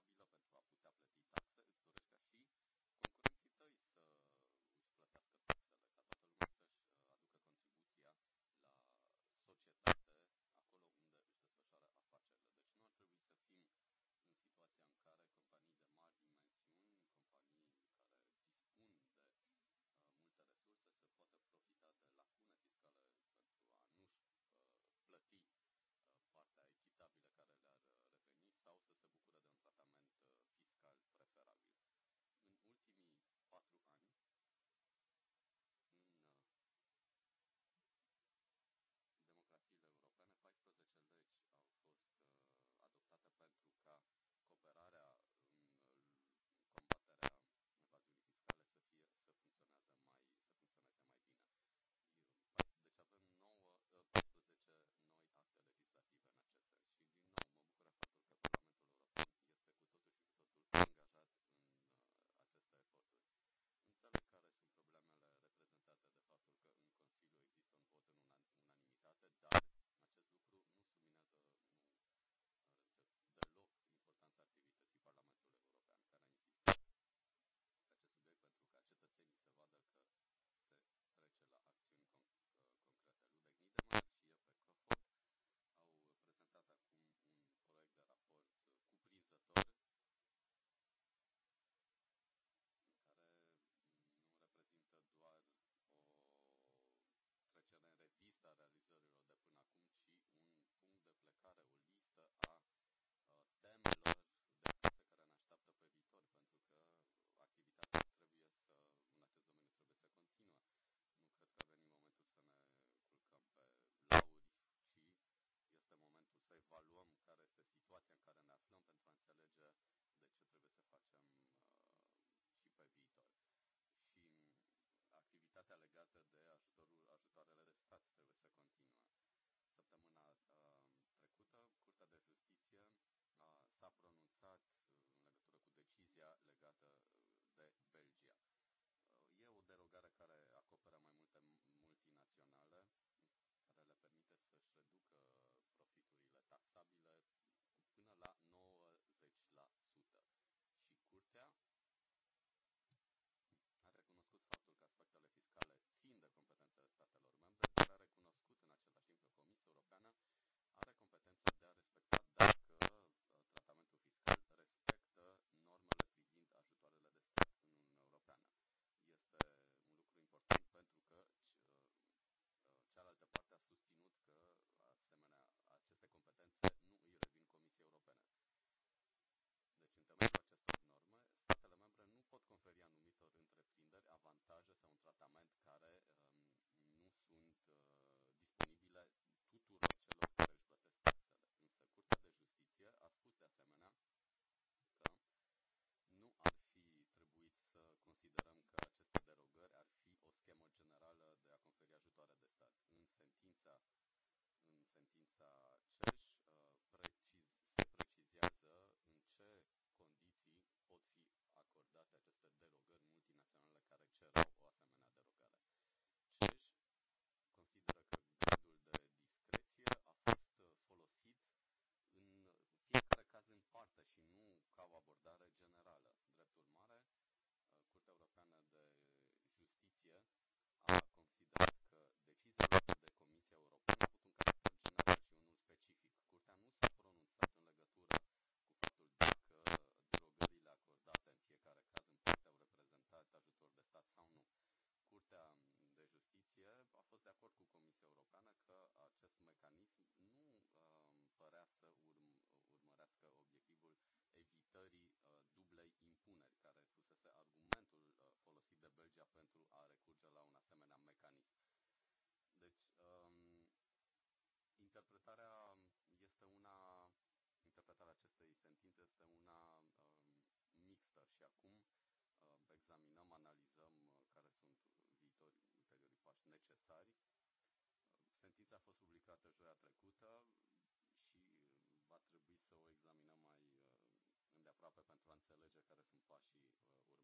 durabilă pentru a putea plăti taxe. legate de ajutorul, ajutoarele de stat trebuie să continue. Săptămâna uh, trecută, Curtea de Justiție a uh, s-a pronunțat uh, în legătură cu decizia legată uh, de Belgia. Uh, e o derogare care acoperă mai multe multinaționale, care le permite să-și reducă profiturile taxabile avantaje sau un tratament care um, nu sunt uh, disponibile tuturor celor care își plătesc taxele. Însă Curtea de Justiție a spus de asemenea că nu ar fi trebuit să considerăm că aceste derogări ar fi o schemă generală de a conferi ajutoare de stat. În sentința, în sentința aceste derogări multinaționale care cerau o asemenea derogare. CEJ consideră că gradul de discreție a fost uh, folosit în fiecare caz în parte și nu ca o abordare generală. Drept urmare, adoptat sau nu. Curtea de Justiție a fost de acord cu Comisia Europeană că acest mecanism nu uh, părea să urm- urmărească obiectivul evitării uh, dublei impuneri, care fusese argumentul uh, folosit de Belgia pentru a recurge la un asemenea mecanism. Deci, um, interpretarea este una, interpretarea acestei sentințe este una um, mixtă și acum examinăm, analizăm uh, care sunt uh, viitorii, ulteriorii pași necesari. Uh, sentința a fost publicată joia trecută și va trebui să o examinăm mai îndeaproape pentru a înțelege care sunt pașii următori.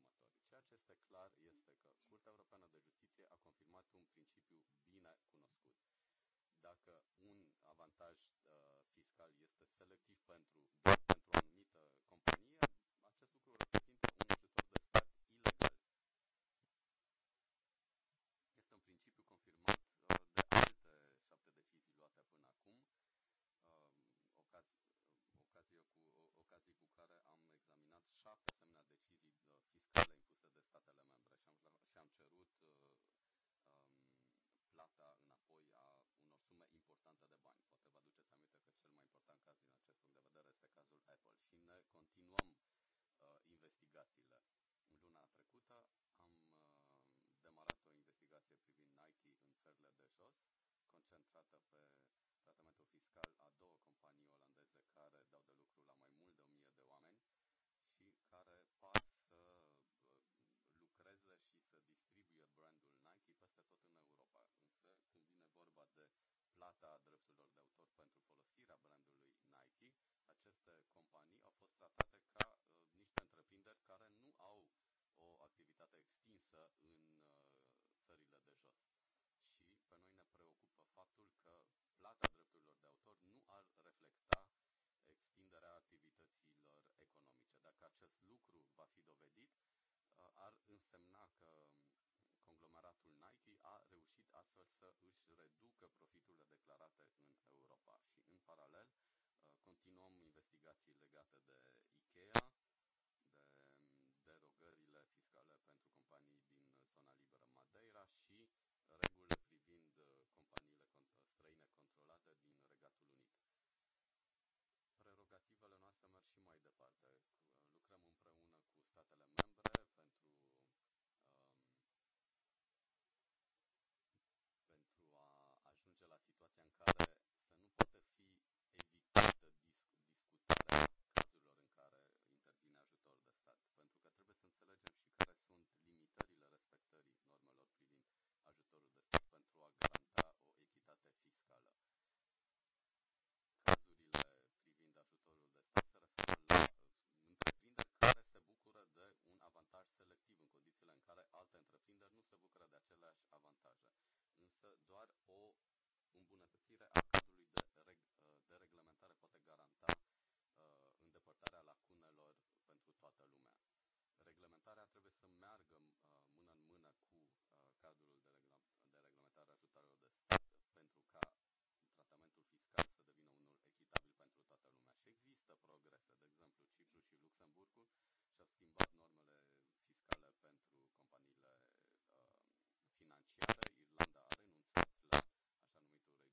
Ceea ce este clar este că Curtea Europeană de Justiție a confirmat un principiu bine cunoscut dacă un avantaj fiscal este selectiv pentru cu ocazii cu care am examinat șapte asemenea decizii uh, fiscale impuse de statele membre și am, și am cerut uh, um, plata înapoi a unor sume importante de bani. Poate vă aduceți aminte că cel mai important caz din acest punct de vedere este cazul Apple și ne continuăm uh, investigațiile. Luna trecută am uh, demarat o investigație privind Nike în țările de jos, concentrată pe tratamentul fiscal a două companii enterese care dau de lucru la mai mult de 1000 de oameni și care par să uh, lucreze și să distribuie brandul Nike peste tot în Europa. Însă, când vine vorba de plata drepturilor de autor pentru folosirea brandului Nike, aceste companii au fost tratate ca uh, niște întreprinderi care nu au o activitate extinsă în uh, țările de jos. Și pe noi ne preocupă faptul că plata drepturilor de autor nu ar reflecta extinderea activităților economice. Dacă acest lucru va fi dovedit, uh, ar însemna că conglomeratul Nike a reușit astfel să își reducă profiturile declarate în Europa. Și în paralel uh, continuăm investigații legate de IKEA, de derogările fiscale pentru companii din zona liberă Madeira și regulile privind uh, companiile străine controlate din Regatul Unit obiectivele noastre merg și mai departe. Lucrăm împreună cu statele membre pentru, um, pentru a ajunge la situația în care să nu poate fi evitată discu- discutarea cazurilor în care intervine ajutor de stat. Pentru că trebuie să înțelegem și care sunt limitările respectării normelor privind ajutorul de stat pentru a garanta o echitate fiscală. avantaj selectiv în condițiile în care alte întreprinderi nu se bucură de aceleași avantaje. Însă doar o îmbunătățire a cadrului de, reg, uh, de reglementare poate garanta uh, îndepărtarea lacunelor pentru toată lumea. Reglementarea trebuie să meargă uh, mână în mână cu uh, cadrul de, regla, de reglementare ajutorilor de stat pentru ca tratamentul fiscal să devină unul echitabil pentru toată lumea. Și există progrese, de exemplu, Cipru și Luxemburgul și-au schimbat normele companiile uh, financiare. Irlanda a renunțat la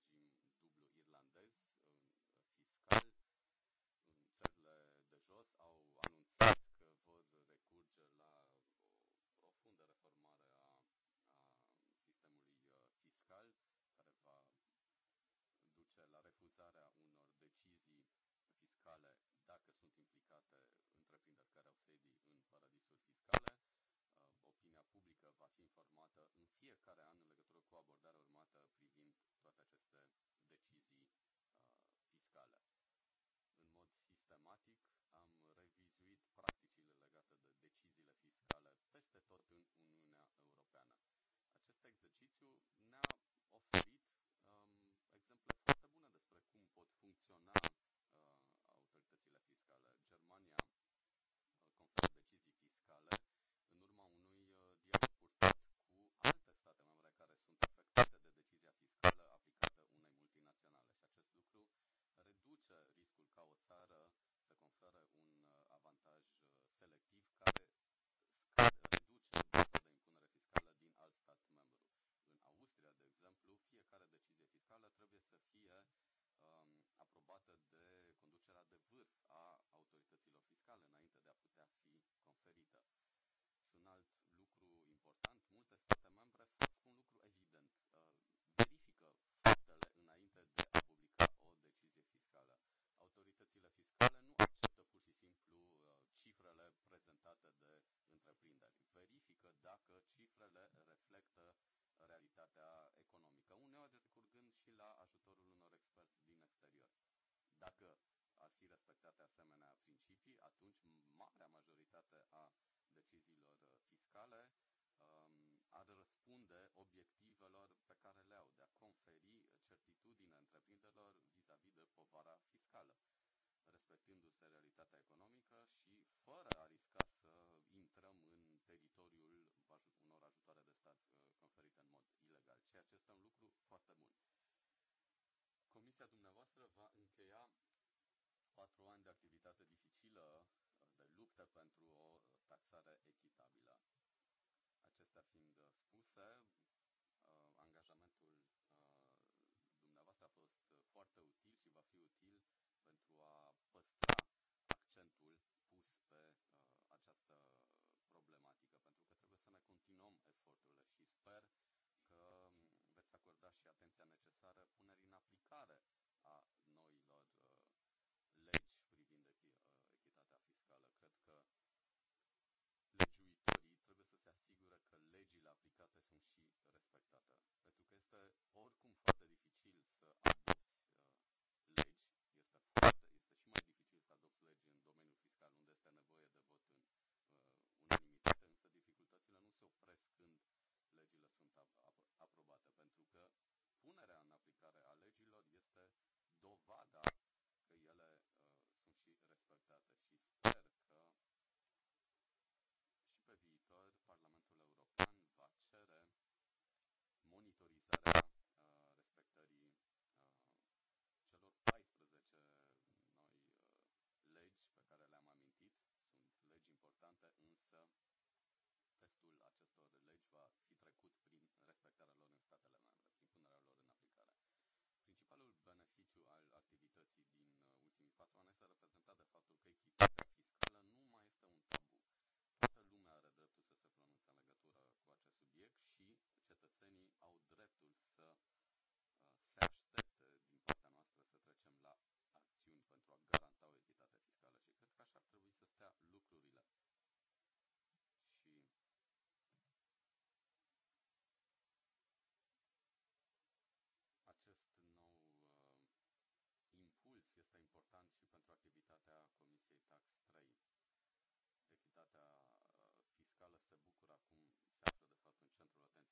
așa numitul regim dublu irlandez uh, fiscal. În țările de jos au anunțat că vor recurge la o profundă reformare a, a sistemului uh, fiscal, care va duce la refuzarea unor decizii fiscale dacă sunt implicate întreprinderi care au sedii în paradisul fiscal opinia publică va fi informată în fiecare an în legătură cu abordarea urmată privind toate aceste decizii uh, fiscale. În mod sistematic am revizuit practicile legate de deciziile fiscale peste tot în Uniunea Europeană. Acest exercițiu ne-a oferit um, exemple foarte bune despre cum pot funcționa uh, autoritățile fiscale. Germania ca o țară să confere un uh, avantaj uh, selectiv care scade, reduce baza de impunere fiscală din alt stat membru. În Austria, de exemplu, fiecare decizie fiscală trebuie să fie um, aprobată de conducerea de vârf a autorităților fiscale înainte de a putea fi conferită. prezentate de întreprinderi. Verifică dacă cifrele reflectă realitatea economică, uneori recurgând și la ajutorul unor experți din exterior. Dacă ar fi respectate asemenea principii, atunci marea majoritate a deciziilor fiscale um, ar răspunde obiectivelor pe care le au de a conferi certitudine întreprinderilor vis-a-vis de povara fiscală, respectându-se realitatea economică și fără unor ajutoare de stat uh, conferite în mod ilegal, ceea ce este un lucru foarte bun. Comisia dumneavoastră va încheia patru ani de activitate dificilă uh, de luptă pentru o uh, taxare echitabilă. Acestea fiind spuse, angajamentul dumneavoastră a fost foarte util și va fi util pentru a păstra continuăm eforturile și sper că veți acorda și atenția necesară punerii în aplicare a noilor uh, legi privind uh, echitatea fiscală. Cred că legiuitorii trebuie să se asigure că legile aplicate sunt și respectate. Pentru că este oricum foarte dificil să adopți uh, legi, este, foarte, este și mai dificil să adopți legi în domeniul fiscal unde este nevoie de vot în sunt aprobate, pentru că punerea în aplicare a legilor este dovada că ele uh, sunt și respectate și sper că și pe viitor Parlamentul European va cere monitorizarea uh, respectării uh, celor 14 noi uh, legi pe care le-am amintit. Sunt legi importante, însă testul acestor legi va fi respectarea lor în statele membre, prin punerea lor în aplicare. Principalul beneficiu al activității din uh, ultimii patru ani este reprezentat de faptul că echitatea fiscală nu mai este un tabu. Toată lumea are dreptul să se pronunțe în legătură cu acest subiect și cetățenii au dreptul să uh, se aștepte din partea noastră să trecem la acțiuni pentru a garanta o echitate fiscală și cred că așa ar trebui să stea lucrurile.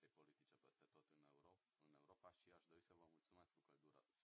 violenței politice peste tot în, Euro- în Europa și aș dori să vă mulțumesc cu căldură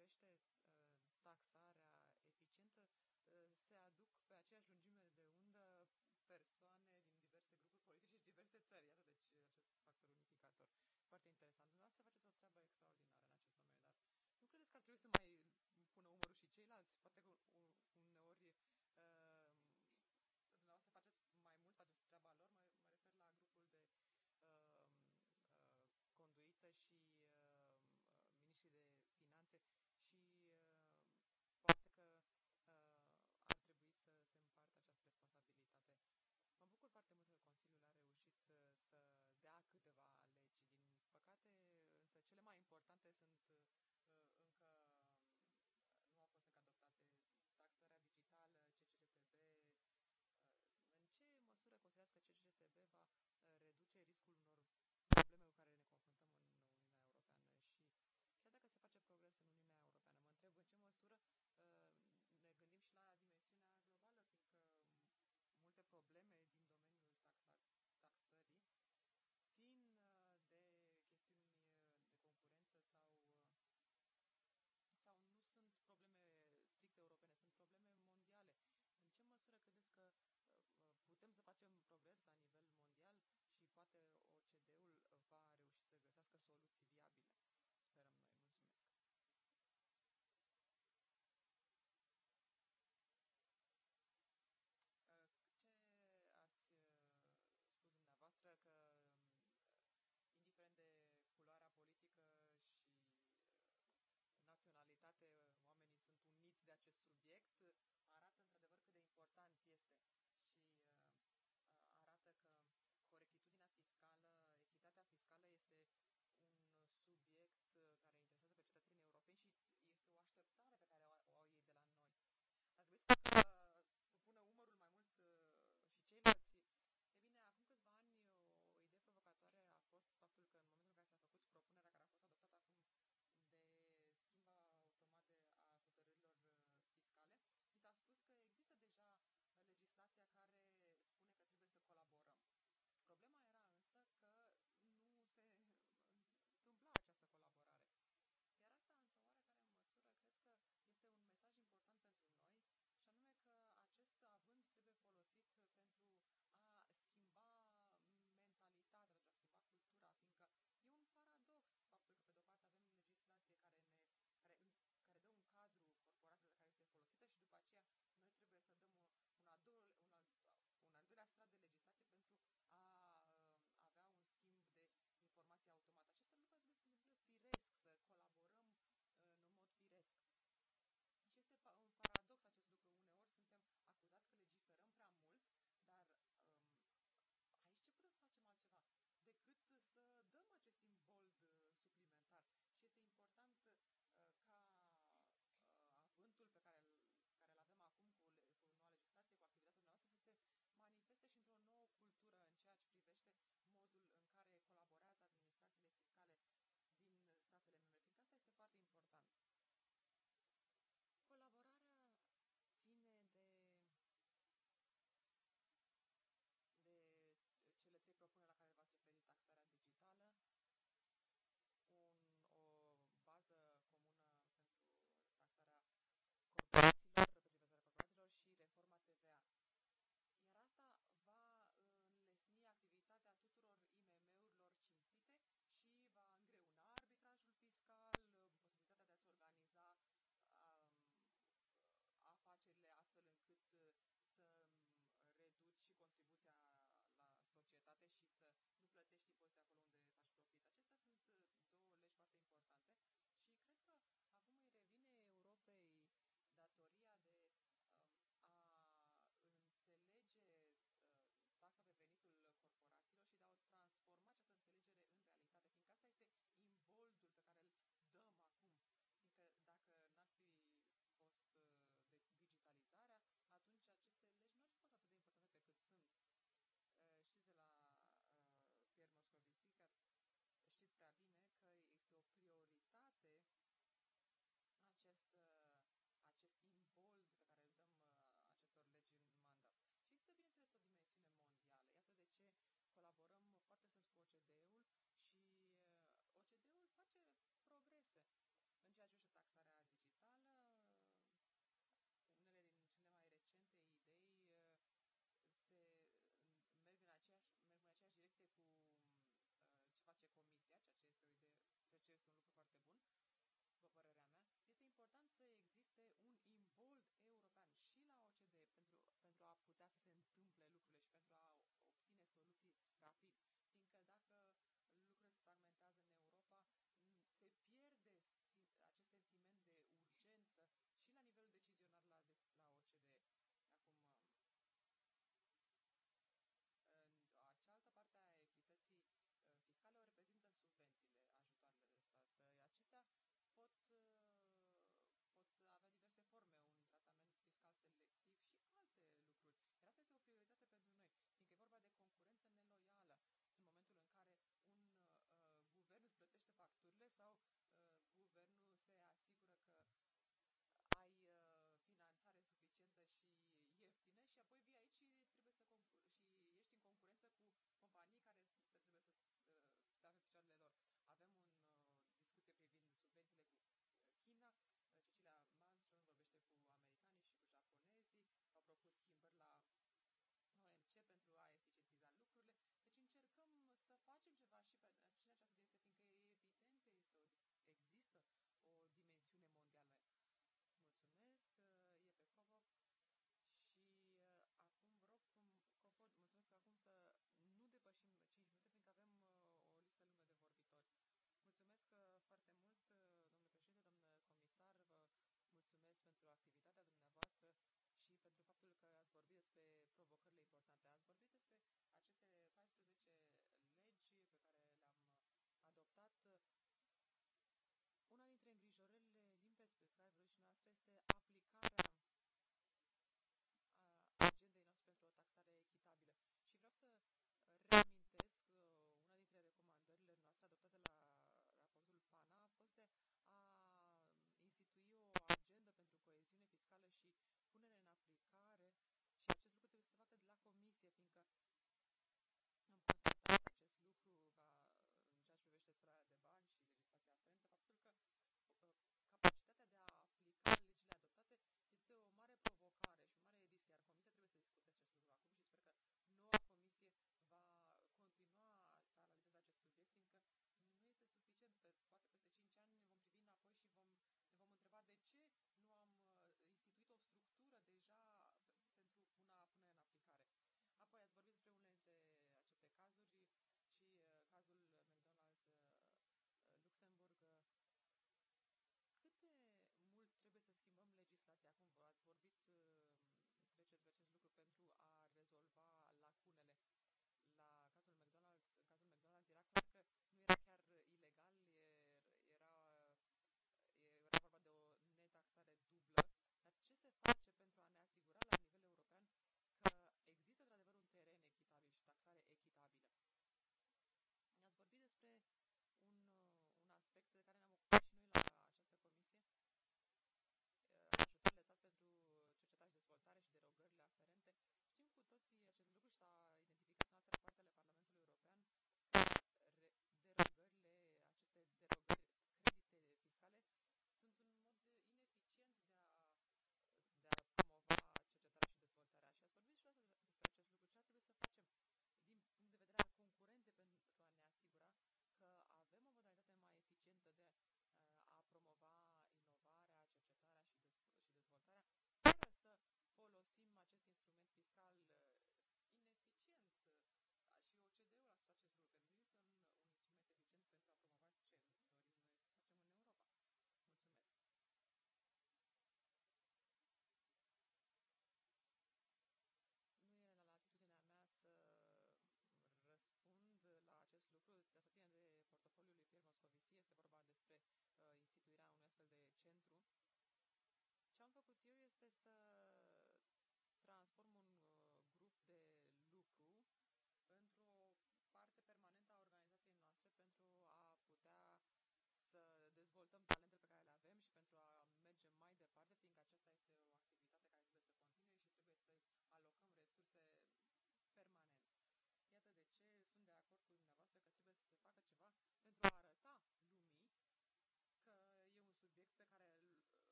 privește uh, taxarea eficientă, uh, se aduc pe aceeași lungime de undă persoane din diverse grupuri politice și diverse țări. Iată, deci, uh, acest factor unificator. Foarte interesant. Dumneavoastră faceți o treabă extraordinară în acest domeniu, dar nu credeți că ar trebui să mai pună umărul și ceilalți? Poate că uneori uh, dumneavoastră faceți mai mult, faceți treaba lor. Mă, mă refer la grupul de uh, uh, conduită și importante sunt uh,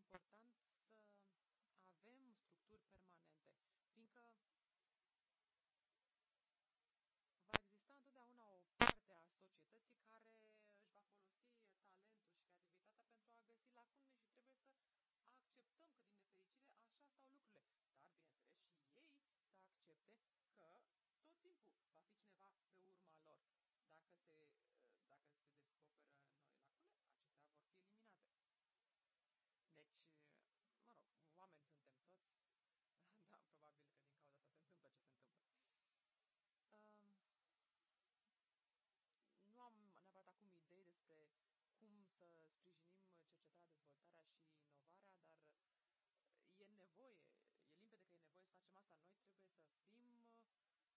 important să avem structuri permanente, fiindcă nevoie, e limpede că e nevoie să facem asta. Noi trebuie să fim uh,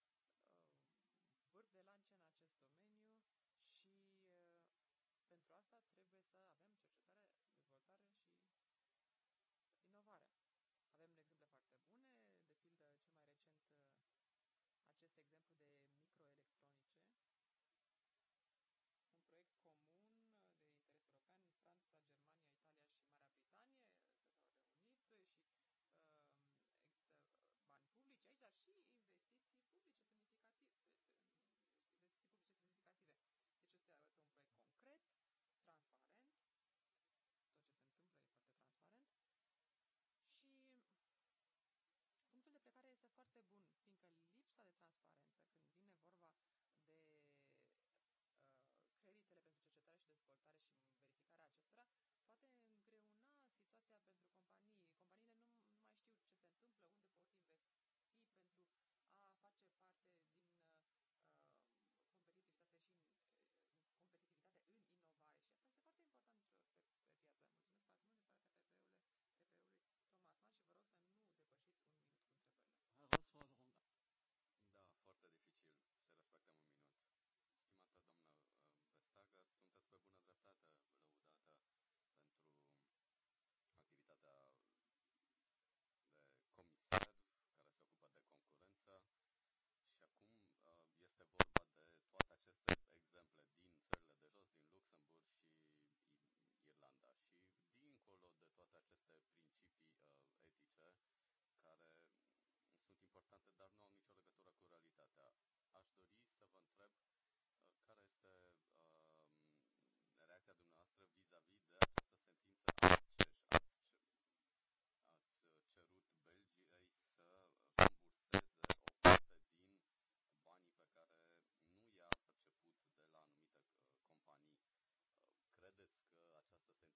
vârf de lance în acest domeniu și uh, pentru asta trebuie să avem cercetare, dezvoltare și inovare. Avem exemple foarte bune, de pildă cel mai recent uh, acest exemplu de toate aceste principii uh, etice care sunt importante, dar nu au nicio legătură cu realitatea. Aș dori să vă întreb uh, care este uh, reacția dumneavoastră vis-a-vis de această sentință a CEJ. Ați, ați uh, cerut Belgiei să ramburseze o parte din banii pe care nu i-a perceput de la anumite uh, companii uh, credeți că această sentință va fi relevantă și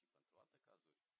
pentru toate cazurile.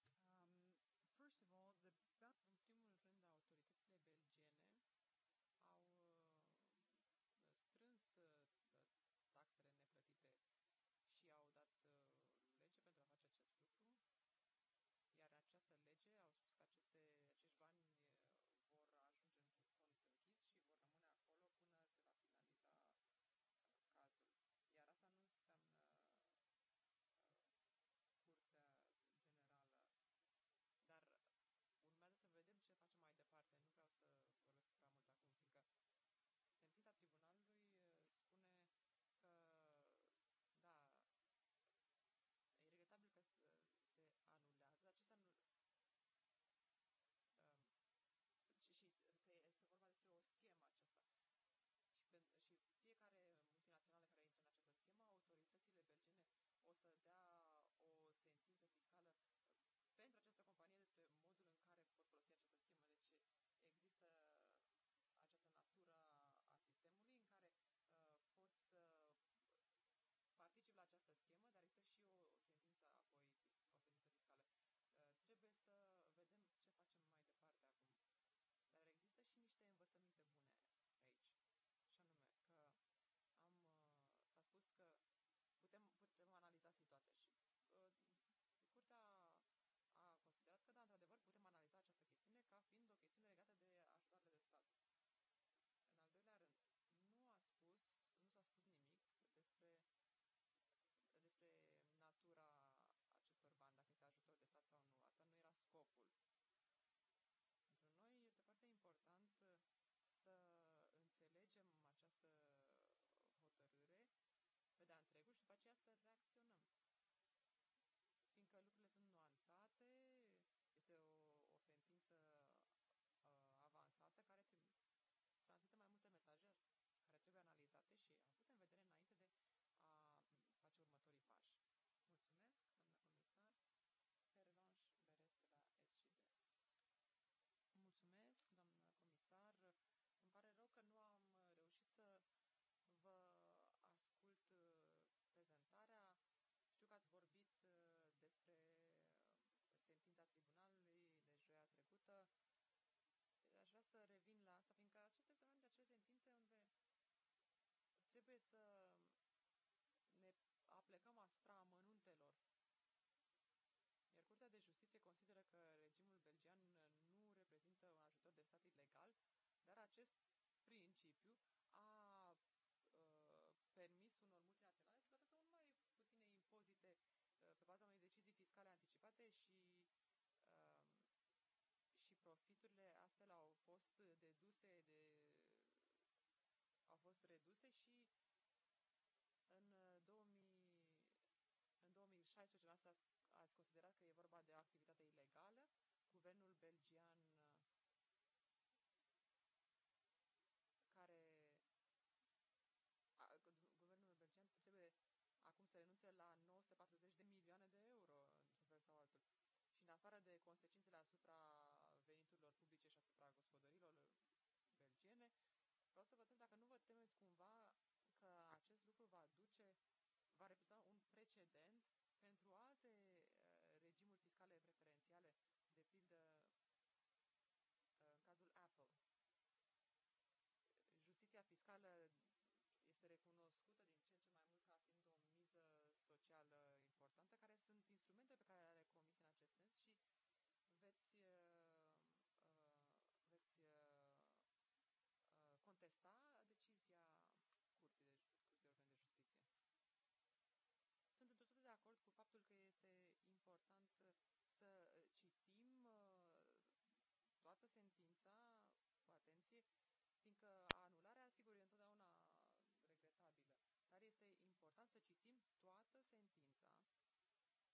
mediu a uh, permis unor multinaționale să plătească mult mai puține impozite uh, pe baza unei decizii fiscale anticipate și uh, și profiturile astfel au fost deduse de au fost reduse și în 2000 în 2016 ați considerat că e vorba de o activitate ilegală. Guvernul belgian la 940 de milioane de euro, într-un fel sau altul. Și în afară de consecințele asupra veniturilor publice și asupra gospodărilor uh, belgiene, vreau să vă întreb dacă nu vă temeți cumva că acest lucru va duce, va reprezenta un precedent pentru alte uh, regimuri fiscale preferențiale, de pildă uh, în cazul Apple. Justiția fiscală citim toată sentința,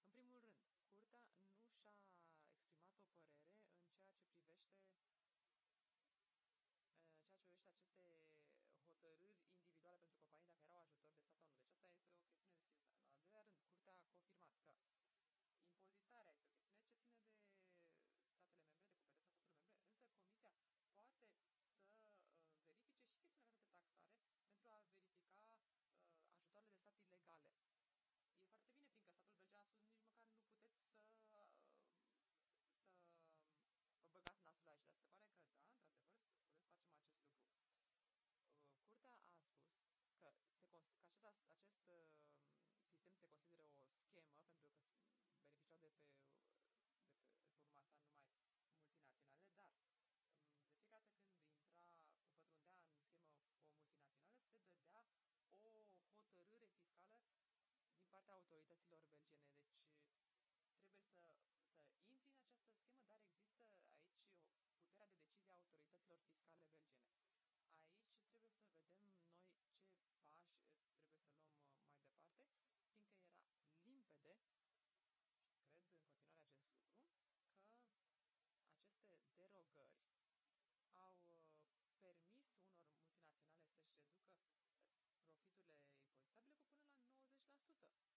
în primul rând, curtea nu și-a exprimat o părere în ceea ce privește responsabilitatea autorităților belgiene. Deci eh, trebuie să, să intri în această schemă, dar există aici o puterea de decizie a autorităților fiscale belgiene. Aici trebuie să vedem noi ce pași eh, trebuie să luăm eh, mai departe, fiindcă era limpede, cred în continuare acest lucru, că aceste derogări au permis unor multinaționale să-și reducă profiturile impozitabile cu până la 90%.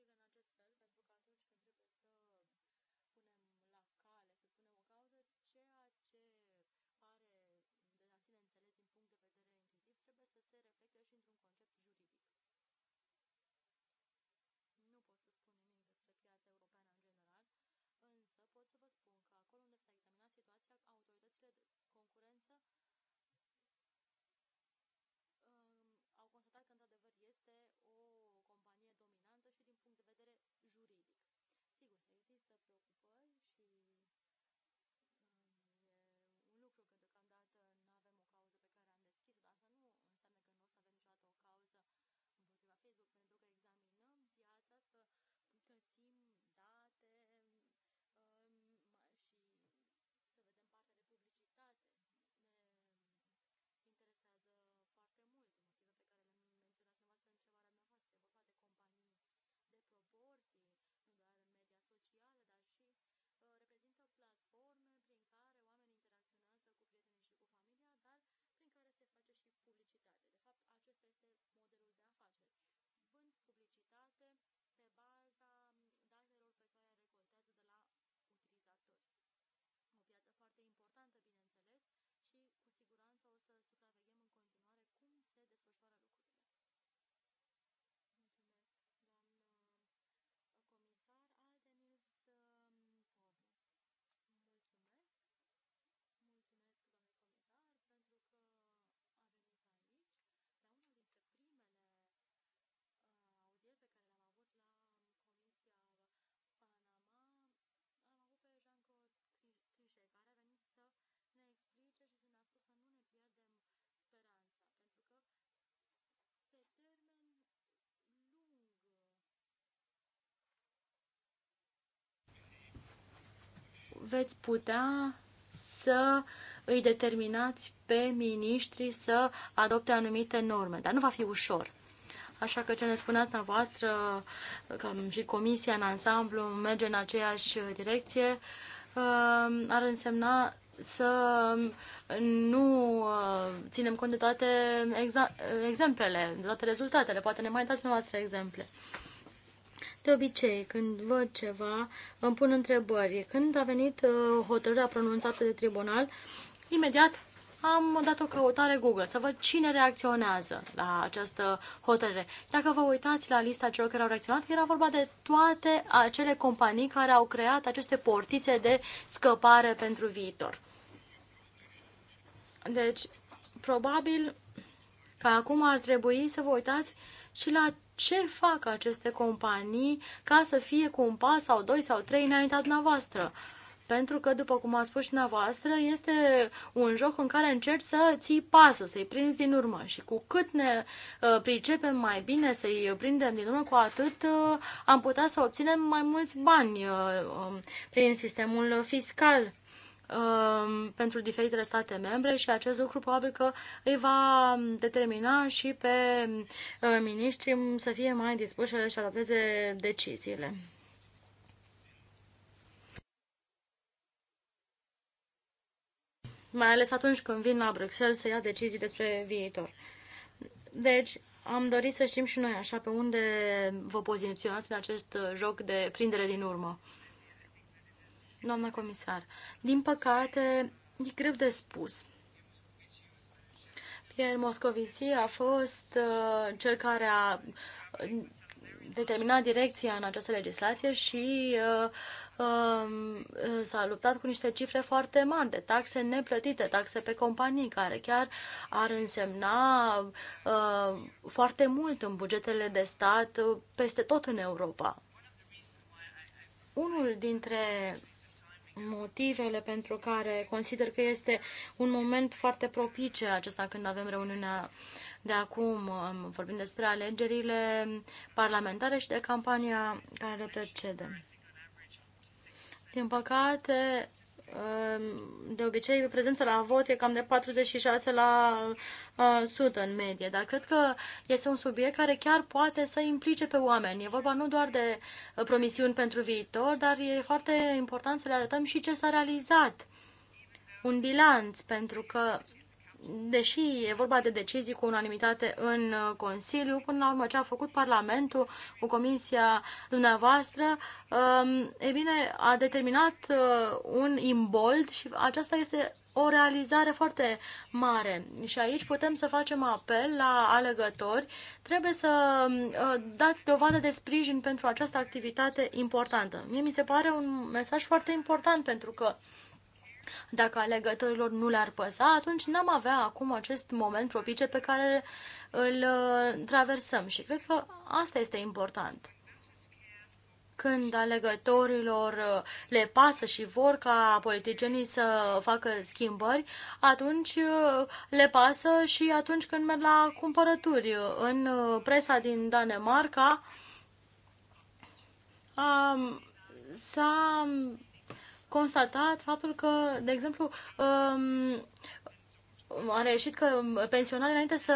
în acest fel, veți putea să îi determinați pe miniștri să adopte anumite norme, dar nu va fi ușor. Așa că ce ne spuneați voastră, că și comisia în ansamblu merge în aceeași direcție, uh, ar însemna să nu uh, ținem cont de toate exemplele, de toate rezultatele. Poate ne mai dați noastre exemple. De obicei, când văd ceva, îmi pun întrebări. Când a venit uh, hotărârea pronunțată de tribunal, imediat am dat o căutare Google să văd cine reacționează la această hotărâre. Dacă vă uitați la lista celor care au reacționat, era vorba de toate acele companii care au creat aceste portițe de scăpare pentru viitor. Deci, probabil că acum ar trebui să vă uitați și la ce fac aceste companii ca să fie cu un pas sau doi sau trei înaintea dumneavoastră. Pentru că, după cum a spus și dumneavoastră, este un joc în care încerci să ții pasul, să-i prinzi din urmă. Și cu cât ne uh, pricepem mai bine să-i prindem din urmă, cu atât uh, am putea să obținem mai mulți bani uh, um, prin sistemul fiscal Um, pentru diferitele state membre și acest lucru probabil că îi va determina și pe uh, miniștri să fie mai dispuși să adapteze deciziile. mai ales atunci când vin la Bruxelles să ia decizii despre viitor. Deci, am dorit să știm și noi așa pe unde vă poziționați în acest joc de prindere din urmă doamna comisar. Din păcate, e greu de spus. Pierre Moscovici a fost uh, cel care a uh, determinat direcția în această legislație și uh, um, uh, s-a luptat cu niște cifre foarte mari de taxe neplătite, taxe pe companii, care chiar ar însemna uh, foarte mult în bugetele de stat uh, peste tot în Europa. Unul dintre motivele pentru care consider că este un moment foarte propice acesta când avem reuniunea de acum. Vorbim despre alegerile parlamentare și de campania care le precede. Din păcate, Ehm, de obicei prezența la vot e cam de 46% la, 100 eh, în medie, dar cred că este un subiect care chiar poate să implice pe oameni. E vorba nu doar de eh, promisiuni pentru viitor, dar e foarte important să le arătăm și ce s-a realizat. Un bilanț, pentru că deși e vorba de decizii cu unanimitate în uh, Consiliu, până la urmă ce a făcut Parlamentul cu Comisia dumneavoastră, um, e bine, a determinat uh, un imbold și aceasta este o realizare foarte mare. Și aici putem să facem apel la alegători. Trebuie să um, uh, dați dovadă de sprijin pentru această activitate importantă. Mie mi se pare un mesaj foarte important pentru că dacă alegătorilor nu le-ar păsa, atunci n-am avea acum acest moment propice pe care îl uh, traversăm și cred că asta este important când alegătorilor uh, le pasă și vor ca politicienii să facă schimbări, atunci uh, le pasă și atunci când merg la cumpărături. În presa din Danemarca s-a constatat faptul că, de exemplu, um, a reușit că pensionarii înainte să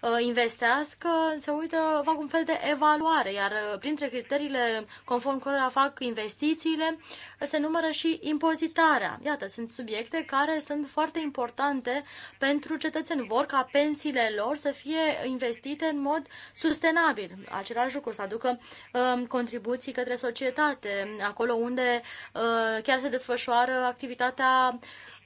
uh, investească, se uită, fac un fel de evaluare, iar uh, printre criteriile conform cărora fac investițiile, se numără și impozitarea. Iată, sunt subiecte care sunt foarte importante pentru cetățeni. Vor ca pensiile lor să fie investite în mod sustenabil. Același lucru, să aducă um, contribuții către societate, acolo unde uh, chiar se desfășoară activitatea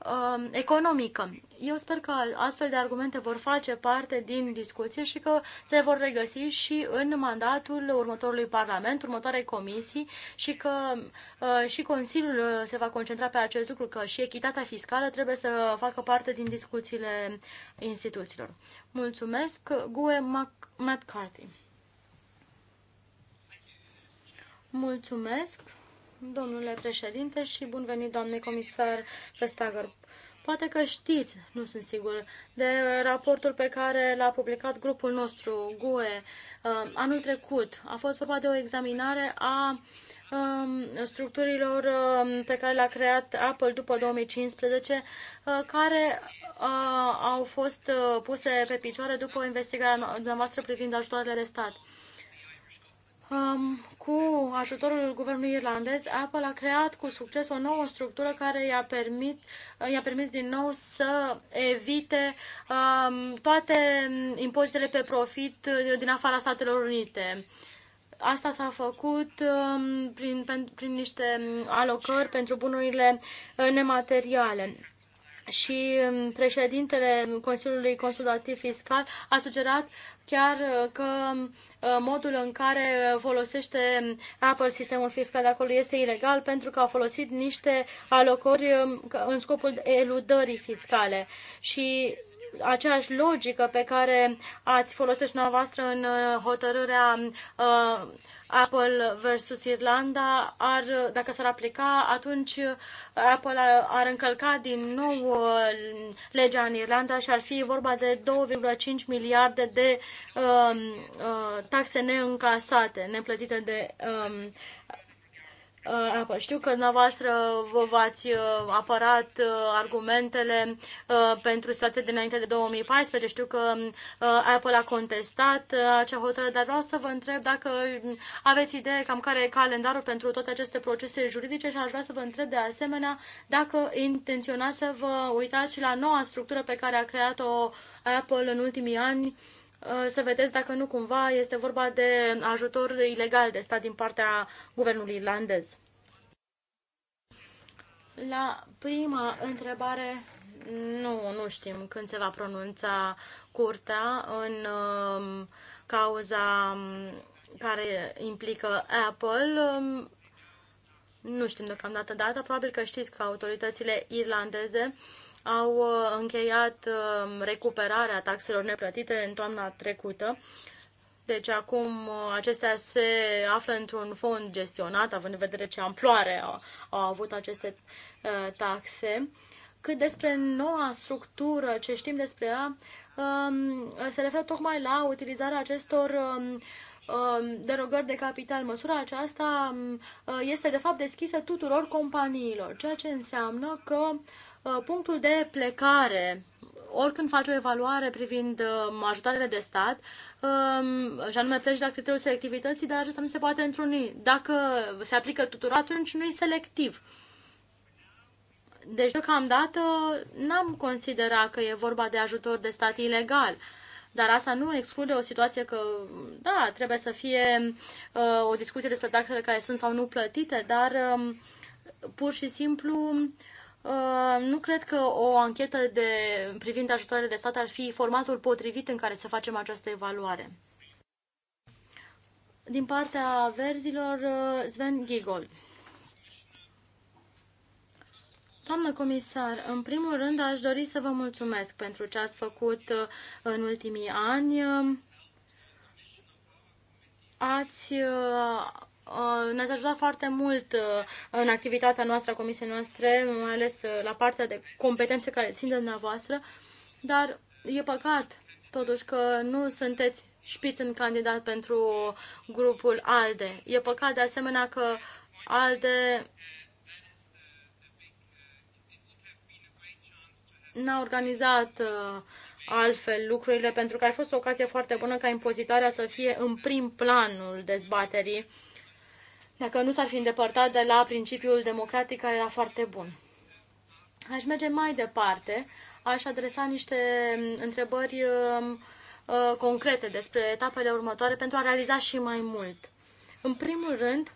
uh, economică. Eu sper că astfel de argumente vor face parte din discuție și că se vor regăsi și în mandatul următorului Parlament, următoarei comisii și că uh, și Consiliul uh, se va concentra pe acest lucru, că și echitatea fiscală trebuie să facă parte din discuțiile instituțiilor. Mulțumesc, Gue McCarthy. Mulțumesc domnule președinte, și bun venit, doamne comisar Vestager. Poate că știți, nu sunt sigur, de raportul pe care l-a publicat grupul nostru, GUE, uh, anul trecut. A fost vorba de o examinare a um, structurilor um, pe care le-a creat Apple după 2015, uh, care uh, au fost puse pe picioare după investigarea noastră privind ajutoarele de stat cu ajutorul guvernului irlandez, Apple a creat cu succes o nouă structură care i-a, permit, i-a permis din nou să evite um, toate impozitele pe profit din afara Statelor Unite. Asta s-a făcut um, prin, prin niște alocări pentru bunurile nemateriale și președintele Consiliului Consultativ Fiscal a sugerat chiar că Uh, modul în care folosește Apple sistemul fiscal acolo este ilegal pentru că au folosit niște alocări um, în scopul eludării fiscale și aceeași logică pe care ați folosit și dumneavoastră în uh, hotărârea uh, Apple versus Irlanda, ar, dacă s-ar aplica, atunci Apple ar, ar încălca din nou uh, legea în Irlanda și ar fi vorba de 2,5 miliarde de um, uh, taxe neîncasate, neplătite de um, Uh, Știu că dumneavoastră vă v-ați uh, apărat uh, argumentele pentru situația dinainte de 2014. Știu că Apple a contestat acea hotărâre, dar vreau să vă întreb dacă aveți idee cam care e calendarul pentru toate aceste procese juridice și aș vrea să vă întreb de asemenea dacă intenționați să vă uitați și la noua structură pe care a creat-o Apple în ultimii ani Uh, să vedeți dacă nu cumva este vorba de ajutor ilegal de stat din partea guvernului irlandez. La prima întrebare, nu, nu știm când se va pronunța curtea în um, cauza um, care implică Apple. Um, nu știm deocamdată data, probabil că știți că autoritățile irlandeze uh, au uh, încheiat uh, recuperarea taxelor neplătite în toamna trecută. Deci acum uh, acestea se află într-un fond gestionat, având în vedere ce amploare au, au avut aceste taxe. Cât despre noua structură, ce știm despre ea, um, se referă tocmai la utilizarea acestor um, um, derogări de capital. Măsura aceasta este de fapt deschisă tuturor companiilor, ceea ce înseamnă că uh, Uh, punctul de plecare, oricând faci o evaluare privind uh, ajutoarele de stat, um, și anume pleci la criteriul selectivității, dar acesta nu se poate întruni. Dacă se aplică tuturor, atunci nu e selectiv. Deci, deocamdată, n-am considerat că e vorba de ajutor de stat ilegal. Dar asta nu exclude o situație că, da, trebuie să fie uh, o discuție despre taxele care sunt sau nu plătite, dar uh, pur și simplu uh, Uh, nu cred că o anchetă de, privind ajutoarele de stat ar fi formatul potrivit în care să facem această evaluare. Din partea verzilor, uh, Sven Gigol. Doamnă comisar, în primul rând aș dori să vă mulțumesc pentru ce ați făcut uh, în ultimii ani. Ați Uh, ne-ați ajutat foarte mult uh, în activitatea noastră a comisiei noastre, mai ales uh, la partea de competențe care țin de dumneavoastră, dar e păcat totuși că nu sunteți șpiți în candidat pentru grupul ALDE. E păcat de asemenea că ALDE n-a organizat altfel lucrurile, pentru că a fost o ocazie foarte bună ca impozitarea să fie în prim planul dezbaterii dacă nu s-ar fi îndepărtat de la principiul democratic care era foarte bun. Aș merge mai departe, aș adresa niște mm, întrebări mm, uh, concrete despre etapele următoare pentru a realiza și mai mult. În primul rând,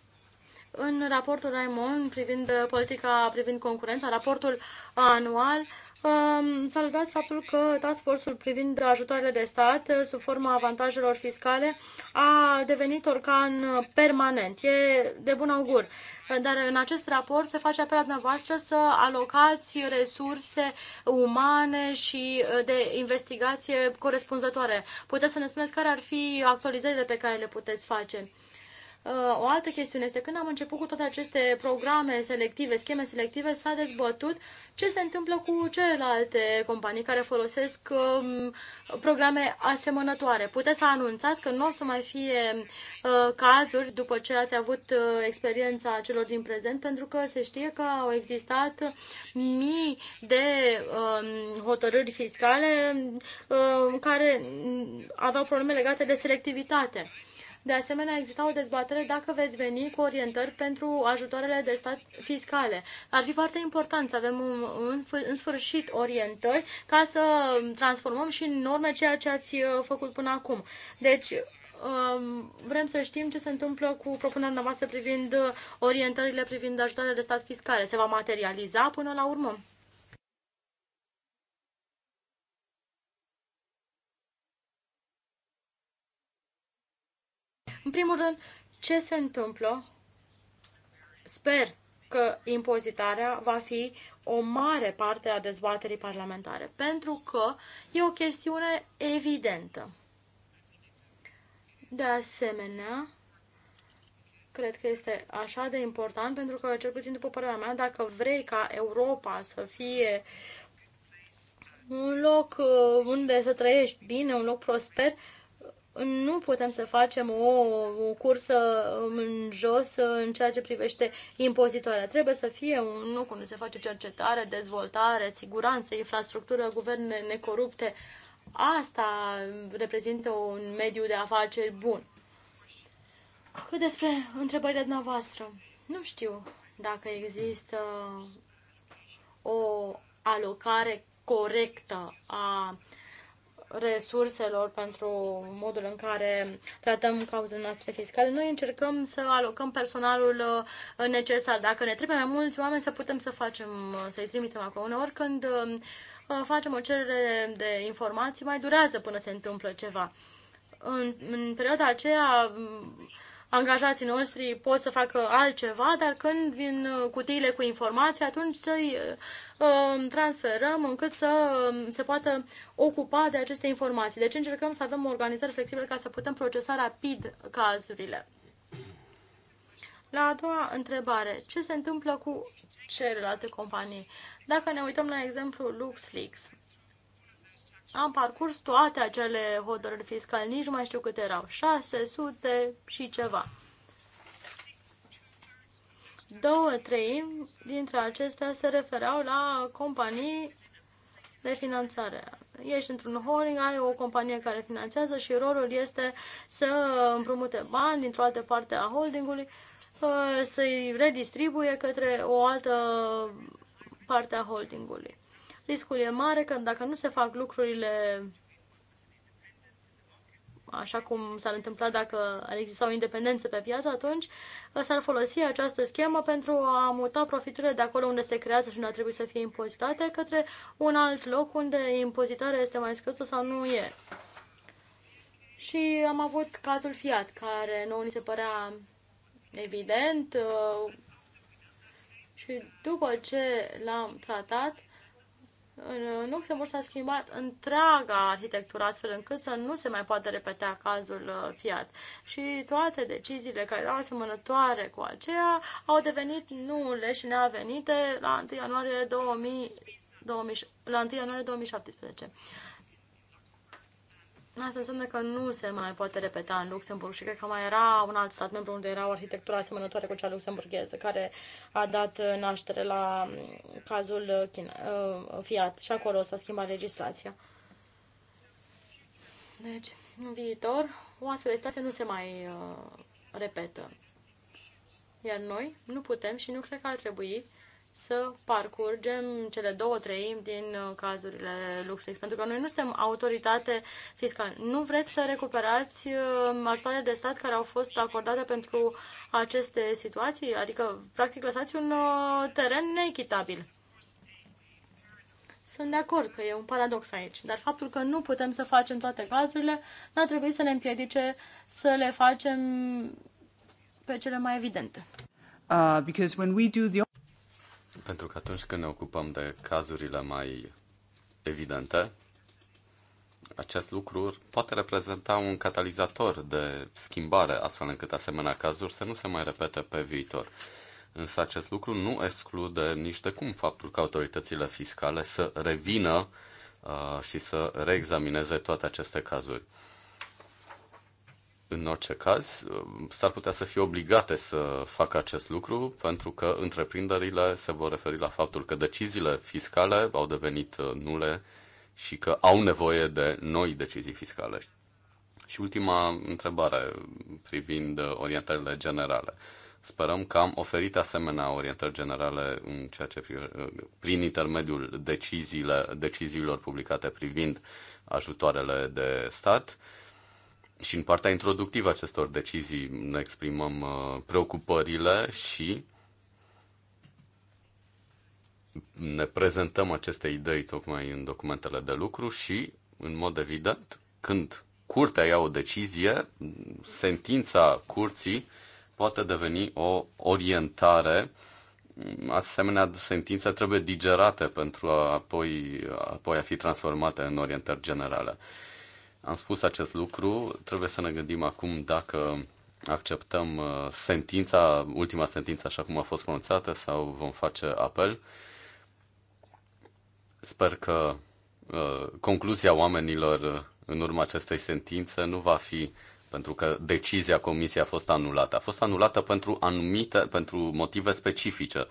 în raportul Raimond privind uh, politica privind concurența, raportul anual, um, salutați faptul că Task force privind ajutoarele de stat sub forma avantajelor fiscale a devenit orcan permanent. E de bun augur. Dar în acest raport se face apel la dumneavoastră să alocați resurse umane și de investigație corespunzătoare. Puteți să ne spuneți care ar fi actualizările pe care le puteți face. Uh, o altă chestiune este când am început cu toate aceste programe selective, scheme selective, s-a dezbătut ce se întâmplă cu celelalte companii care folosesc um, programe asemănătoare. Puteți să anunțați că nu o să mai fie uh, cazuri după ce ați avut uh, experiența celor din prezent, pentru că se știe că au existat mii de um, hotărâri fiscale um, care mm, aveau probleme legate de selectivitate. De asemenea, exista o dezbatere dacă veți veni cu orientări pentru ajutoarele de stat fiscale. Ar fi foarte important să avem un, un, în sfârșit orientări ca să transformăm și în norme ceea ce ați uh, făcut până acum. Deci, um, vrem să știm ce se întâmplă cu propunerea noastră privind uh, orientările privind ajutoarele de stat fiscale. Se va materializa până la urmă? În primul rând, ce se întâmplă? Sper că impozitarea va fi o mare parte a dezbaterii parlamentare, pentru că e o chestiune evidentă. De asemenea, cred că este așa de important, pentru că, cel puțin după părerea mea, dacă vrei ca Europa să fie un loc uh, unde să trăiești bine, un loc prosper, nu putem să facem o, o cursă în jos în ceea ce privește impozitoarea. Trebuie să fie un loc unde se face cercetare, dezvoltare, siguranță, infrastructură, guverne necorupte. Asta reprezintă un mediu de afaceri bun. Cât despre întrebările dumneavoastră, nu știu dacă există o alocare corectă a uh, resurselor pentru modul în care tratăm cauzele noastre fiscale, noi încercăm să alocăm personalul uh, necesar. Dacă ne trebuie mai mulți oameni, să putem să facem, uh, să-i trimitem acolo. Uneori când uh, facem o cerere de informații, mai durează până se întâmplă ceva. În, în perioada aceea mm, angajații noștri pot să facă altceva, dar când vin uh, cutiile cu informații, atunci să-i uh, um, transferăm încât să um, se poată ocupa de aceste informații. Deci încercăm să avem o organizare flexibilă ca să putem procesa rapid cazurile. La a doua întrebare, ce se întâmplă cu celelalte companii? Dacă ne uităm la exemplu LuxLeaks, am parcurs toate acele hotărâri fiscale, nici nu mai știu câte erau, 600 și ceva. Două treimi dintre acestea se refereau la companii de finanțare. Ești într-un holding, ai o companie care finanțează și rolul este să împrumute bani dintr-o altă parte a holdingului, să-i redistribuie către o altă parte a holdingului riscul e mare că dacă nu se fac lucrurile așa cum s-ar întâmpla dacă ar exista o independență pe piață, atunci s-ar folosi această schemă pentru a muta profiturile de acolo unde se creează și nu ar trebui să fie impozitate către un alt loc unde impozitarea este mai scăzută sau nu e. Și am avut cazul Fiat, care nouă ni se părea evident uh, și după ce l-am tratat, în Luxemburg s-a schimbat întreaga arhitectură astfel încât să nu se mai poată repeta cazul uh, Fiat. Și toate deciziile care erau asemănătoare cu aceea au devenit nule și neavenite la 1 ianuarie 2000, 2000, la 1 ianuarie 2017. Asta înseamnă că nu se mai poate repeta în Luxemburg și cred că mai era un alt stat membru unde era o arhitectură asemănătoare cu cea luxemburgheză, care a dat naștere la mm, cazul China, uh, Fiat și acolo s-a schimbat legislația. Deci, în viitor, o astfel de situație nu se mai uh, repetă. Iar noi nu putem și nu cred că ar trebui să parcurgem cele două treimi din uh, cazurile LuxLeaks, pentru că noi nu suntem autoritate fiscală. Nu vreți să recuperați uh, ajutoarele de stat care au fost acordate pentru aceste situații? Adică, practic, lăsați un uh, teren neechitabil. Sunt de acord că e un paradox aici, dar faptul că nu putem să facem toate cazurile, n-ar trebui să ne împiedice să le facem pe cele mai evidente. Uh, because when we do the pentru că atunci când ne ocupăm de cazurile mai evidente, acest lucru poate reprezenta un catalizator de schimbare, astfel încât asemenea cazuri să nu se mai repete pe viitor. Însă acest lucru nu exclude nici de cum faptul că autoritățile fiscale să revină uh, și să reexamineze toate aceste cazuri. În orice caz, s-ar putea să fie obligate să facă acest lucru pentru că întreprinderile se vor referi la faptul că deciziile fiscale au devenit uh, nule și că au nevoie de noi decizii fiscale. Și ultima întrebare privind uh, orientările generale. Sperăm că am oferit asemenea orientări generale în ceea ce uh, prin intermediul deciziile, deciziilor publicate privind ajutoarele de stat și în partea introductivă acestor decizii ne exprimăm uh, preocupările și ne prezentăm aceste idei tocmai în documentele de lucru și, în mod evident, când curtea ia o decizie, sentința curții poate deveni o orientare. Asemenea, sentința trebuie digerată pentru a apoi, apoi a fi transformată în orientări generale. Am spus acest lucru, trebuie să ne gândim acum dacă acceptăm uh, sentința, ultima sentință așa cum a fost pronunțată sau vom face apel. Sper că uh, concluzia oamenilor uh, în urma acestei sentințe nu va fi pentru că decizia comisiei a fost anulată. A fost anulată pentru anumite, pentru motive specifice. Uh,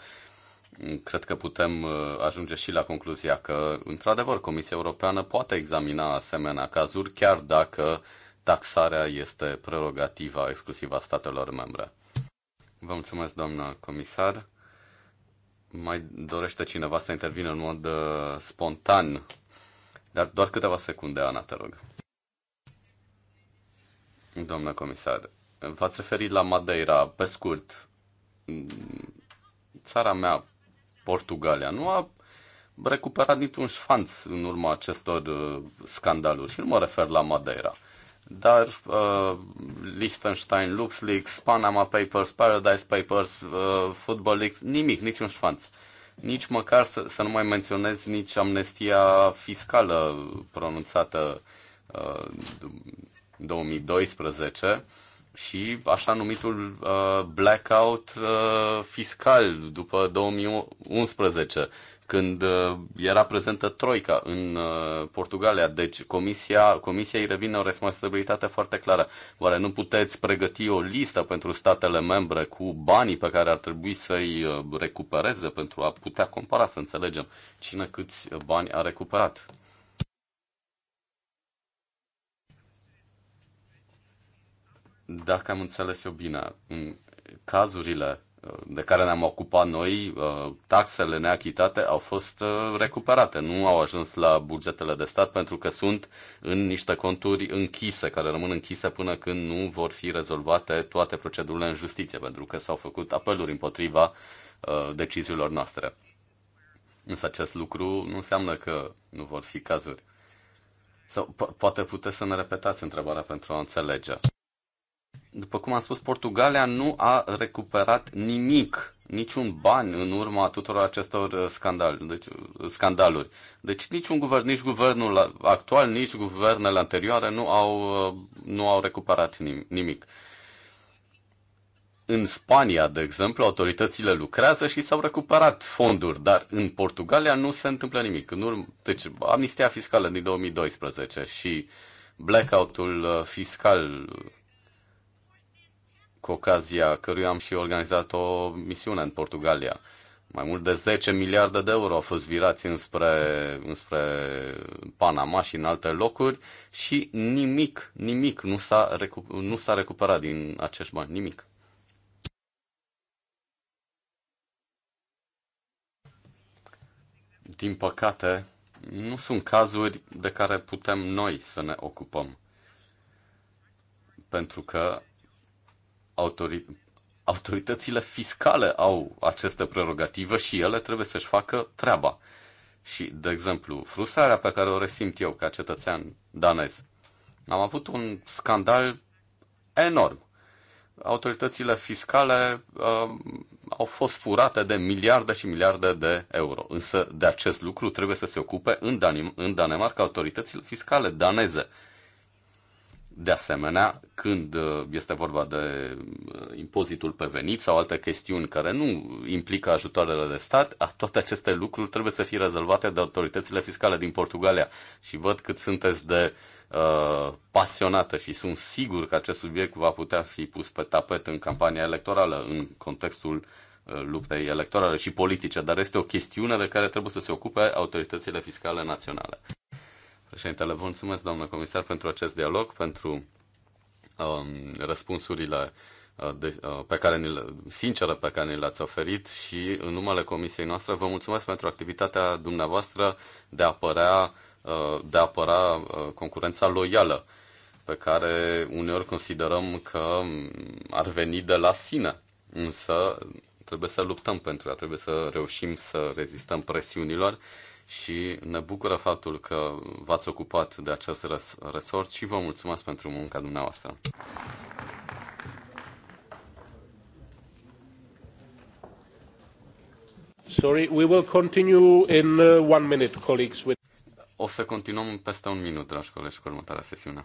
cred că putem uh, ajunge și la concluzia că, într-adevăr, Comisia Europeană poate examina asemenea cazuri, chiar dacă taxarea este prerogativa exclusivă a statelor membre. Vă mulțumesc, doamnă comisar. Mai dorește cineva să intervină în mod uh, spontan, dar doar câteva secunde, Ana, te rog. Doamnă comisar, v-ați referit la Madeira, pe scurt. Mm, țara mea Portugalia. Nu a recuperat niciun șfanț în urma acestor uh, scandaluri și nu mă refer la Madeira. Dar uh, Liechtenstein, LuxLeaks, Panama Papers, Paradise Papers, uh, Football Leaks, nimic, niciun șfanț. Nici măcar să, să nu mai menționez nici amnestia fiscală pronunțată uh, 2012, și așa numitul uh, blackout uh, fiscal după 2011, când uh, era prezentă Troica în uh, Portugalia. Deci comisia, comisia îi revine o responsabilitate foarte clară. Oare nu puteți pregăti o listă pentru statele membre cu banii pe care ar trebui să-i uh, recupereze pentru a putea compara, să înțelegem cine câți bani a recuperat? Dacă am înțeles eu bine, în cazurile uh, de care ne-am ocupat noi, uh, taxele neachitate au fost uh, recuperate, nu au ajuns la bugetele de stat pentru că sunt în niște conturi închise, care rămân închise până când nu vor fi rezolvate toate procedurile în justiție, pentru că s-au făcut apeluri împotriva deciziilor noastre. Însă acest lucru nu înseamnă că nu vor fi cazuri. Sau po- poate puteți să ne repetați întrebarea pentru a înțelege. După cum am spus, Portugalia nu a recuperat nimic, niciun ban în urma tuturor acestor uh, scandal, deci, uh, scandaluri. Deci niciun guvern, nici guvernul actual, nici guvernele anterioare nu au, uh, nu au recuperat nimic. În Spania, de exemplu, autoritățile lucrează și s-au recuperat fonduri, dar în Portugalia nu se întâmplă nimic. În urmă, deci, amnistia fiscală din 2012 și blackout-ul fiscal cu ocazia căruia am și organizat o misiune în Portugalia. Mai mult de 10 miliarde de euro au fost virați înspre, înspre Panama și în alte locuri și nimic, nimic nu s-a, recu- nu s-a recuperat din acești bani, nimic. Din păcate, nu sunt cazuri de care putem noi să ne ocupăm. Pentru că Autori- autoritățile fiscale au aceste prerogative și ele trebuie să-și facă treaba. Și, de exemplu, frustrarea pe care o resimt eu ca cetățean danez. Am avut un scandal enorm. Autoritățile fiscale uh, au fost furate de miliarde și miliarde de euro. Însă de acest lucru trebuie să se ocupe în, Danim- în Danemarca autoritățile fiscale daneze. De asemenea, când uh, este vorba de uh, impozitul pe venit sau alte chestiuni care nu implică ajutoarele de stat, toate aceste lucruri trebuie să fie rezolvate de autoritățile fiscale din Portugalia. Și văd cât sunteți de uh, pasionată și sunt sigur că acest subiect va putea fi pus pe tapet în campania electorală, în contextul uh, luptei electorale și politice, dar este o chestiune de care trebuie să se ocupe autoritățile fiscale naționale. Președintele, vă mulțumesc, doamnă comisar, pentru acest dialog, pentru um, răspunsurile uh, de, uh, pe care ni, sincere pe care ni le-ați oferit și în numele comisiei noastre vă mulțumesc pentru activitatea dumneavoastră de a apărea, uh, de a apăra concurența loială pe care uneori considerăm că um, ar veni de la sine, însă trebuie să luptăm pentru ea, trebuie să reușim să rezistăm presiunilor și ne bucură faptul că v-ați ocupat de acest resort și vă mulțumesc pentru munca dumneavoastră. Sorry, we will continue in uh, one minute, colleagues. O să continuăm peste un minut, dragi colegi, cu următoarea sesiune.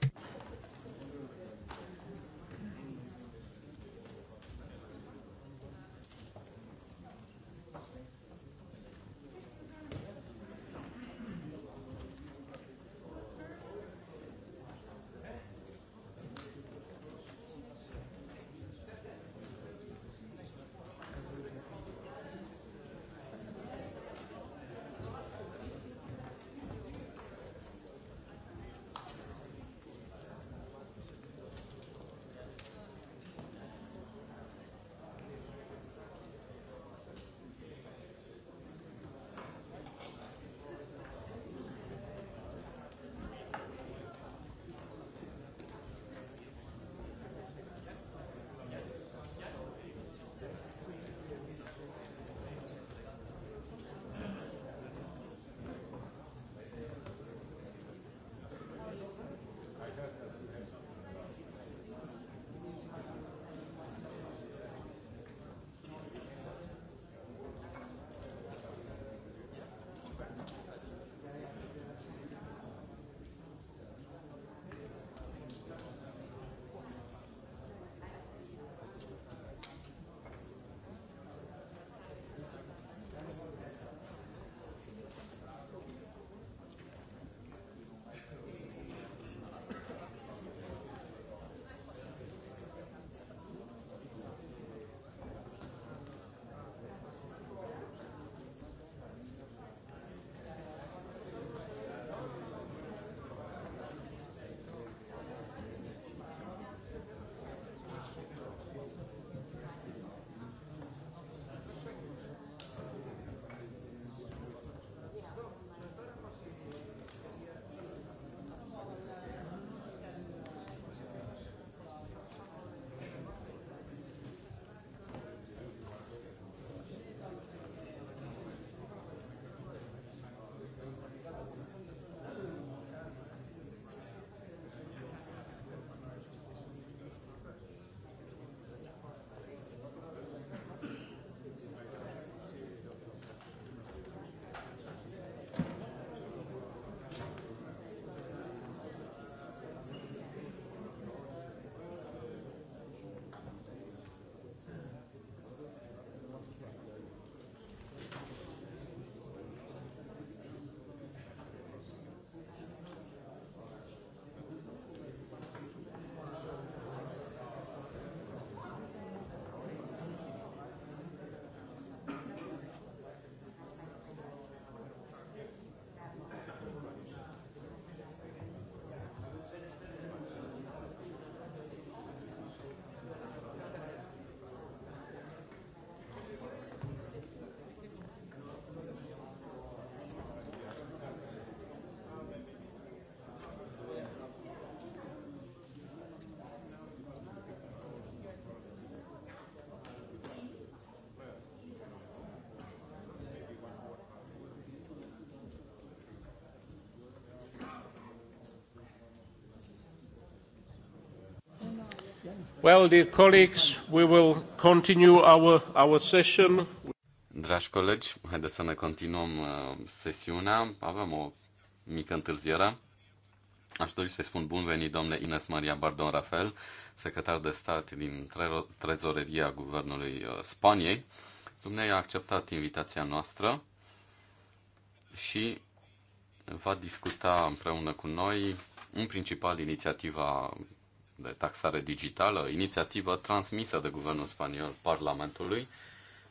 Well, dear colleagues, we will continue our, our session. Dragi colegi, haideți să ne continuăm uh, sesiunea. Avem o mică întârziere. Aș dori să-i spun bun venit domnule Ines Maria Bardon Rafael, secretar de stat din trezoreria Guvernului uh, Spaniei. Dumnezeu a acceptat invitația noastră și va discuta împreună cu noi în principal inițiativa de taxare digitală, inițiativă transmisă de guvernul spaniol Parlamentului,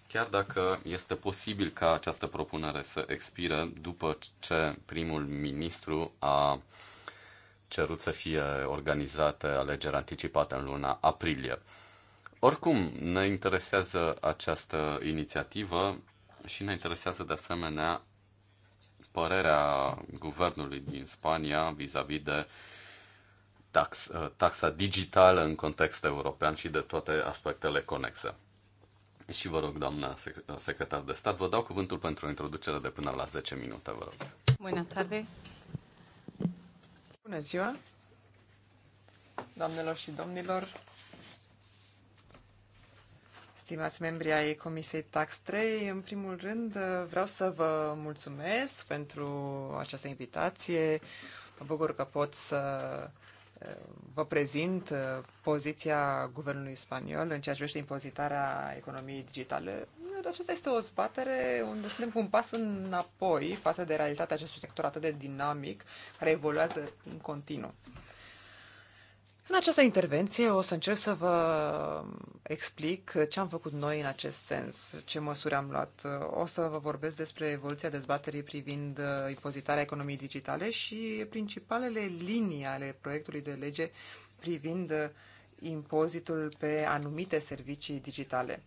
chiar dacă este posibil ca această propunere să expire după ce primul ministru a cerut să fie organizate alegeri anticipate în luna aprilie. Oricum, ne interesează această inițiativă și ne interesează de asemenea părerea guvernului din Spania vis-a-vis -vis de uh, tax, uh, taxa digitală în context european și de toate aspectele conexe. Și vă rog, doamna uh, secretar de stat, vă dau cuvântul pentru o introducere de până la 10 minute, vă rog. Bună tarde! Bună ziua! Doamnelor și domnilor, stimați membri ai Comisiei Tax 3, în primul rând uh, vreau să vă mulțumesc pentru această invitație. Mă bucur că pot să vă prezint uh, poziția guvernului spaniol în ceea ce privește impozitarea economiei digitale. Aceasta este o zbatere unde suntem cu un pas înapoi față de realitatea acestui sector atât de dinamic, care evoluează în continuu. În această intervenție o să încerc să vă explic ce am făcut noi în acest sens, ce măsuri am luat. O să vă vorbesc despre evoluția dezbaterii privind uh, impozitarea economiei digitale și principalele linii ale proiectului de lege privind uh, impozitul pe anumite servicii digitale.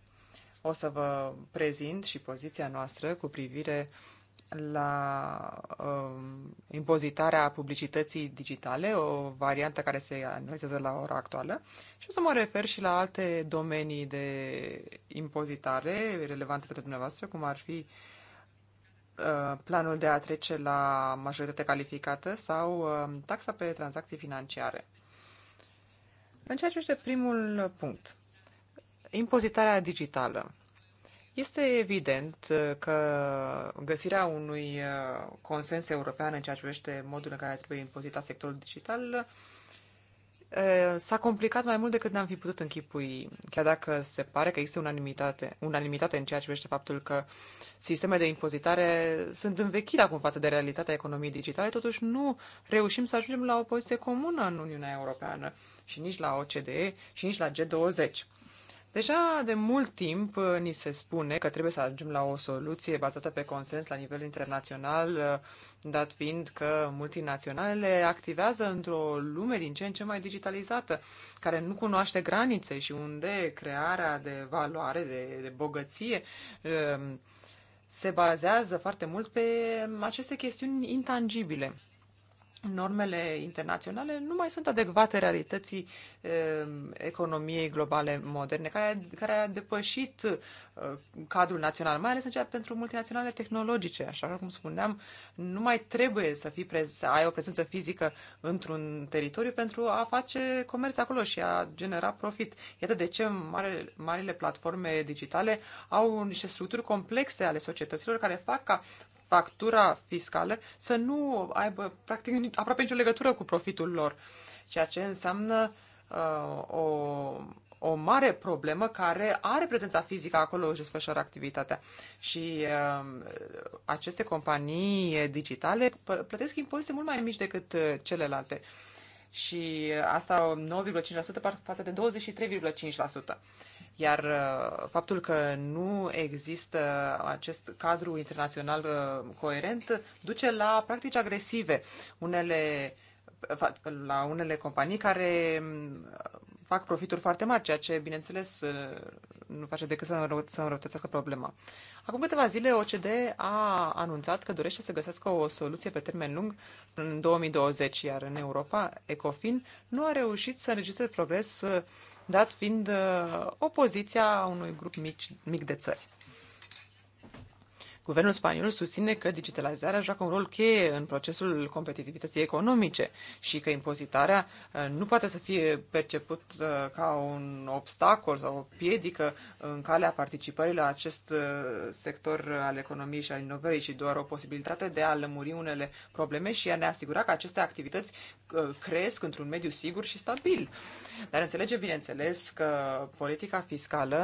O să vă prezint și poziția noastră cu privire la uh, impozitarea publicității digitale, o variantă care se analizează la ora actuală, și o să mă refer și la alte domenii de impozitare relevante pentru dumneavoastră, cum ar fi uh, planul de a trece la majoritate calificată sau uh, taxa pe tranzacții financiare. În ceea ce este primul punct, impozitarea digitală. Este evident uh, că găsirea unui uh, consens european în ceea ce privește modul în care trebuie impozitat sectorul digital uh, s-a complicat mai mult decât ne-am fi putut închipui, chiar dacă se pare că există unanimitate, unanimitate în ceea ce privește faptul că sistemele de impozitare sunt învechite acum față de realitatea economiei digitale, totuși nu reușim să ajungem la o poziție comună în Uniunea Europeană și nici la OCDE și nici la G20. Deja de mult timp uh, ni se spune că trebuie să ajungem la o soluție bazată pe consens la nivel internațional, uh, dat fiind că multinaționalele activează într-o lume din ce în ce mai digitalizată, care nu cunoaște granițe și unde crearea de valoare, de, de bogăție, uh, se bazează foarte mult pe aceste chestiuni intangibile normele internaționale nu mai sunt adecvate realității eh, economiei globale moderne, care, care a depășit eh, cadrul național, mai ales în pentru multinaționale tehnologice. Așa cum spuneam, nu mai trebuie să, fii prez- să ai o prezență fizică într-un teritoriu pentru a face comerț acolo și a genera profit. Iată de ce mare, marile platforme digitale au niște structuri complexe ale societăților care fac ca factura fiscală să nu aibă practic aproape nicio legătură cu profitul lor, ceea ce înseamnă uh, o, o mare problemă care are prezența fizică acolo își desfășoară activitatea. Și uh, aceste companii digitale plătesc impozite mult mai mici decât uh, celelalte. Uh, și uh, asta 9,5% um, față de 23,5%. Iar uh, faptul că nu există acest cadru internațional uh, coerent duce la practici agresive. Unele la unele companii care mm, fac profituri foarte mari, ceea ce, bineînțeles, uh, nu face decât să, înrău- să înrăutățească problema. Acum câteva zile, OCD a anunțat că dorește să găsească o soluție pe termen lung în 2020, iar în Europa, Ecofin nu a reușit să înregistreze progres, uh, dat fiind uh, opoziția unui grup mic, mic de țări. Guvernul spaniol susține că digitalizarea joacă un rol cheie în procesul competitivității economice și că impozitarea uh, nu poate să fie perceput uh, ca un obstacol sau o piedică în calea participării la acest uh, sector al economiei și al inovării, ci doar o posibilitate de a lămuri unele probleme și a ne asigura că aceste activități cresc într-un mediu sigur și stabil. Dar înțelege, bineînțeles, că politica fiscală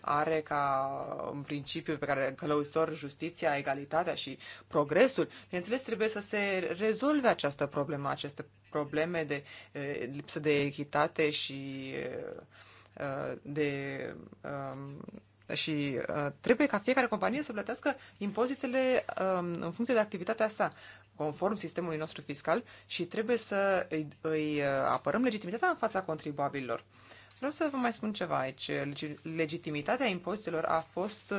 are ca un principiu pe care călăuzitor justiție justiția, egalitatea și progresul, bineînțeles, trebuie să se rezolve această problemă, aceste probleme de e, lipsă de echitate și e, de um, e, și trebuie ca fiecare companie să plătească impozitele um, în funcție de activitatea sa conform sistemului nostru fiscal și trebuie să îi, îi apărăm legitimitatea în fața contribuabililor. Vreau să vă mai spun ceva aici. Legitimitatea impozitelor a fost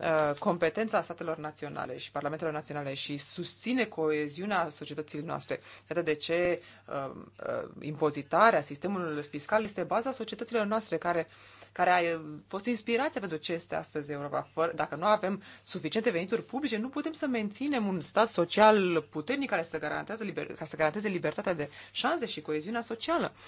Uh, competența statelor naționale și parlamentelor naționale și susține coeziunea societății noastre. Iată de ce uh, uh, impozitarea, sistemul fiscal este baza societăților noastre care, care a fost inspirația pentru ce este astăzi Europa. Fără, dacă nu avem suficiente venituri publice, nu putem să menținem un stat social puternic care să, garantează liber, care să garanteze libertatea de șanse și coeziunea socială. Uh,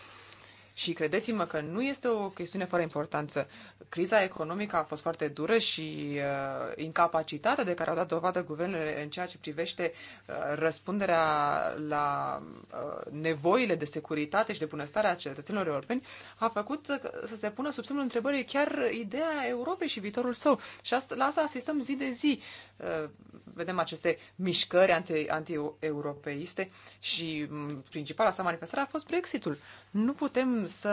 și credeți-mă că nu este o chestiune fără importanță. Criza economică a fost foarte dură și uh, incapacitatea de care au dat dovadă guvernele în ceea ce privește uh, răspunderea la uh, nevoile de securitate și de bunăstare a cetățenilor europeni a făcut uh, să se pună sub semnul întrebării chiar ideea Europei și viitorul său. Și asta, la asta asistăm zi de zi. Uh, vedem aceste mișcări anti, anti-europeiste și principala sa manifestare a fost Brexitul. Nu putem să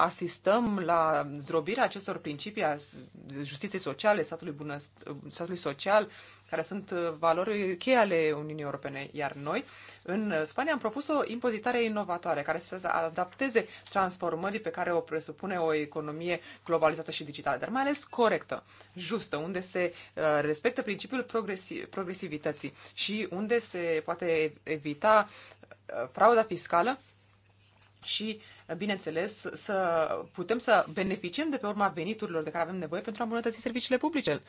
asistăm la zdrobirea acestor principii a justiției sociale, statului, bunăst- statului social, care sunt valori cheie ale Uniunii Europene. Iar noi, în Spania, am propus o impozitare inovatoare care să se adapteze transformării pe care o presupune o economie globalizată și digitală, dar mai ales corectă, justă, unde se uh, respectă principiul progresi- progresivității și unde se poate evita uh, frauda fiscală și, eh, bineînțeles, să putem să beneficiem de pe urma veniturilor de care avem nevoie pentru a îmbunătăți serviciile publice.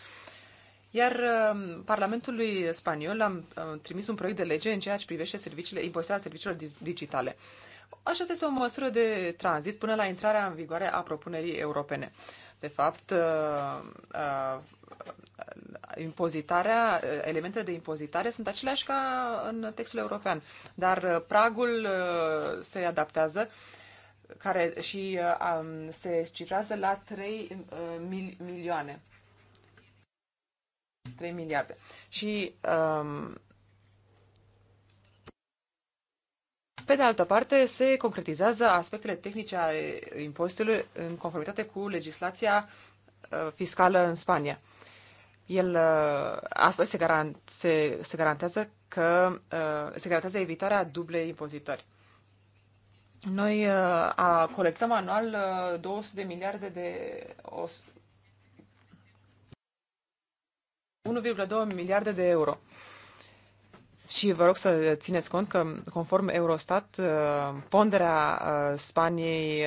Iar eh, Parlamentului spaniol am eh, trimis un proiect de lege în ceea ce privește serviciile, impozitarea serviciilor digitale. Așa este o măsură de tranzit până la intrarea în vigoare a propunerii europene. De fapt, impozitarea, elementele de impozitare sunt aceleași ca în textul european, dar uh, pragul uh, se adaptează care și uh, se cifrează la 3 milioane. 3 miliarde. Și um, Pe de altă parte, se concretizează aspectele tehnice ale impozitului în conformitate cu legislația fiscală în Spania el, uh, astfel se, garan, se, se garantează că uh, se garantează evitarea dublei impozitări. Noi uh, a, colectăm anual 200 de miliarde de 1,2 miliarde de euro. Și vă rog să țineți cont că, conform Eurostat, ponderea Spaniei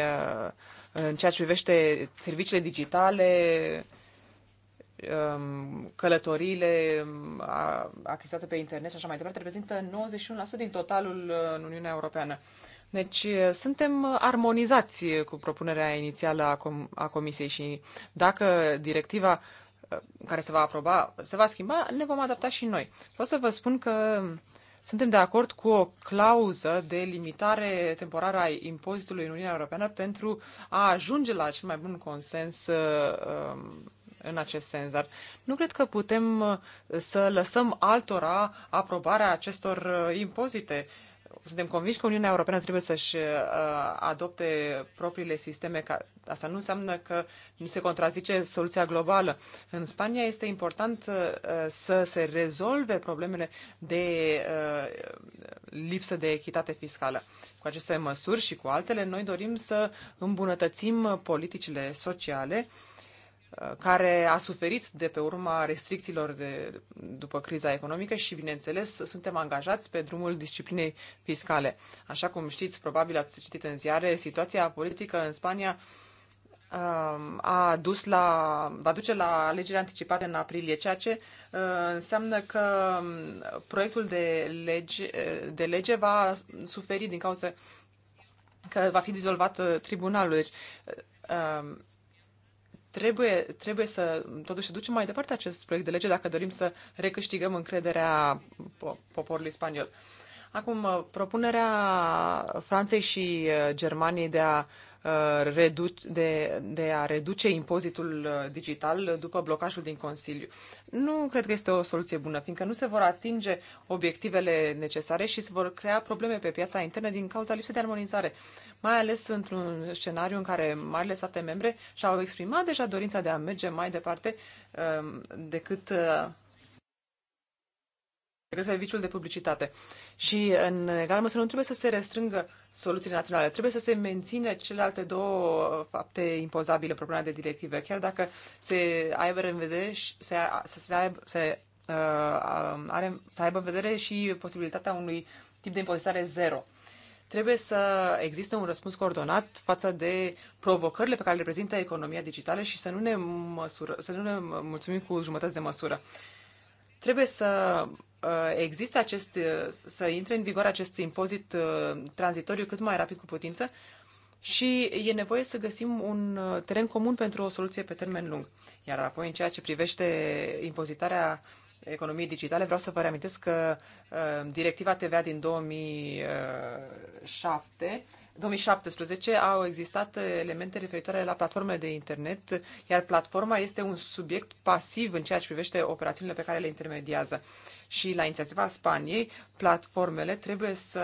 în ceea ce privește serviciile digitale, Um, călătoriile um, achiziționate pe internet și așa mai departe reprezintă 91% din totalul uh, în Uniunea Europeană. Deci uh, suntem armonizați cu propunerea inițială a, com- a Comisiei și dacă directiva uh, care se va aproba se va schimba, ne vom adapta și noi. Vreau să vă spun că suntem de acord cu o clauză de limitare temporară a impozitului în Uniunea Europeană pentru a ajunge la cel mai bun consens uh, um, în acest sens, dar nu cred că putem uh, să lăsăm altora aprobarea acestor uh, impozite. Suntem convinși că Uniunea Europeană trebuie să-și uh, adopte propriile sisteme. Asta nu înseamnă că nu se contrazice soluția globală. În Spania este important să se rezolve problemele de lipsă de echitate fiscală. Cu aceste măsuri și cu altele, noi dorim să îmbunătățim politicile sociale care a suferit de pe urma restricțiilor de, după criza economică și, bineînțeles, suntem angajați pe drumul disciplinei fiscale. Așa cum știți, probabil ați citit în ziare, situația politică în Spania um, a dus la, va duce la alegeri anticipate în aprilie, ceea ce uh, înseamnă că um, proiectul de lege, de lege va suferi din cauza că va fi dizolvat uh, tribunalul. Deci, uh, um, Trebuie, trebuie să totuși ducem mai departe acest proiect de lege dacă dorim să recâștigăm încrederea poporului spaniol. Acum, propunerea Franței și uh, Germaniei de a Uh, de, de a reduce impozitul uh, digital după blocajul din Consiliu. Nu cred că este o soluție bună, fiindcă nu se vor atinge obiectivele necesare și se vor crea probleme pe piața internă din cauza lipsei de armonizare, mai ales într-un scenariu în care marile state membre și-au exprimat deja dorința de a merge mai departe um, decât uh, serviciul de publicitate. Și, în egală măsură, nu trebuie să se restrângă soluțiile naționale. Trebuie să se mențină celelalte două fapte impozabile problema de directive, chiar dacă se aibă în vedere și se, să se aibă, se, uh, are, să aibă în vedere și posibilitatea unui tip de impozitare zero. Trebuie să existe un răspuns coordonat față de provocările pe care le prezintă economia digitală și să nu ne, măsură, să nu ne mulțumim cu jumătăți de măsură. Trebuie să Uh, există acest, uh, să intre în vigoare acest impozit uh, tranzitoriu cât mai rapid cu putință și e nevoie să găsim un teren comun pentru o soluție pe termen lung. Iar apoi, în ceea ce privește impozitarea economiei digitale, vreau să vă reamintesc că directiva TVA din 2007 2017 au existat elemente referitoare la platformele de internet, iar platforma este un subiect pasiv în ceea ce privește operațiunile pe care le intermediază. Și la inițiativa Spaniei, platformele trebuie să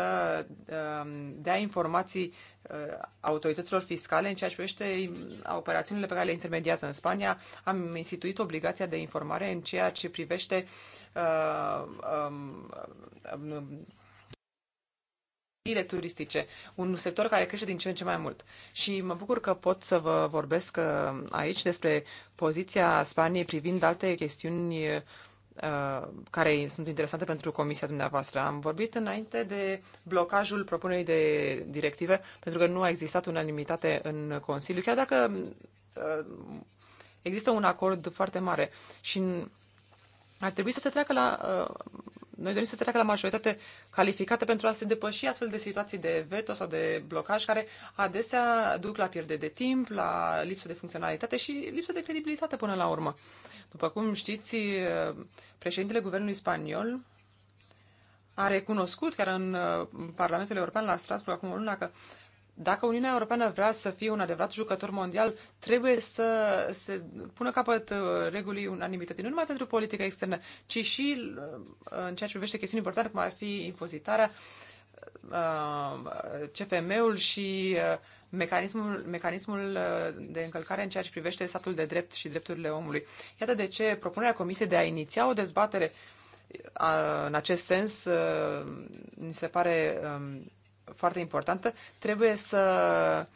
um, dea informații uh, autorităților fiscale în ceea ce privește um, operațiunile pe care le intermediază în Spania. Am instituit obligația de informare în ceea ce privește uh, um, um ile turistice, un sector care crește din ce în ce mai mult. Și mă bucur că pot să vă vorbesc uh, aici despre poziția Spaniei privind alte chestiuni uh, care sunt interesante pentru comisia dumneavoastră. Am vorbit înainte de blocajul propunerii de directive, pentru că nu a existat unanimitate în Consiliu, chiar dacă uh, există un acord foarte mare. Și ar trebui să se treacă la noi dorim să treacă la majoritate calificată pentru a se depăși astfel de situații de veto sau de blocaj care adesea duc la pierdere de timp, la lipsă de funcționalitate și lipsă de credibilitate până la urmă. După cum știți, președintele guvernului spaniol a recunoscut, chiar în Parlamentul European la Strasbourg acum o lună, că uh, dacă Uniunea Europeană vrea să fie un adevărat jucător mondial, trebuie să se pună capăt uh, regulii unanimității, nu numai pentru politica externă, ci și uh, în ceea ce privește chestiuni importante, cum ar fi impozitarea, uh, CFM-ul și mecanismul, mecanismul de încălcare în ceea ce privește statul de drept și drepturile omului. Iată de ce propunerea Comisiei de a iniția o dezbatere în acest sens mi se pare um, foarte importantă. Trebuie să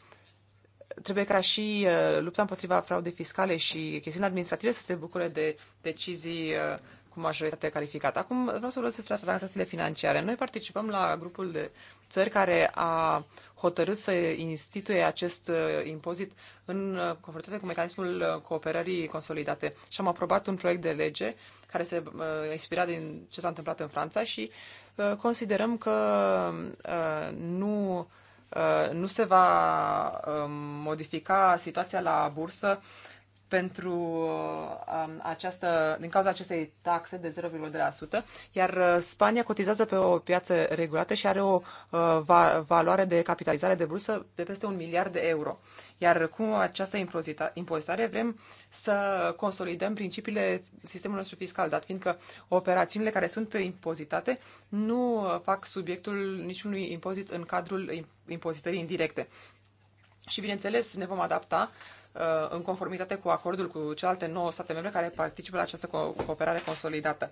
trebuie ca și uh, lupta împotriva fraudei fiscale și chestiunile administrative să se bucure de decizii uh, cu majoritate calificată. Acum vreau să vă despre tranzacțiile financiare. Noi participăm la grupul de țări care a hotărât să instituie acest uh, impozit în conformitate cu mecanismul cooperării consolidate. Și am aprobat un proiect de lege care se inspira din ce s-a întâmplat în Franța și uh, Uh, considerăm că uh, nu uh, nu se va modifica situația la bursă pentru uh, um, această, din cauza acestei taxe de 0,2%, iar uh, Spania cotizează pe o piață regulată și are o uh, va, valoare de capitalizare de bursă de peste un miliard de euro. Iar cu această impozitare vrem să consolidăm principiile sistemului nostru fiscal, dat fiindcă operațiunile care sunt impozitate nu fac subiectul niciunui impozit în cadrul impozitării indirecte. Și bineînțeles ne vom adapta Uh, în conformitate cu acordul cu celelalte 9 state membre care participă la această cooperare consolidată.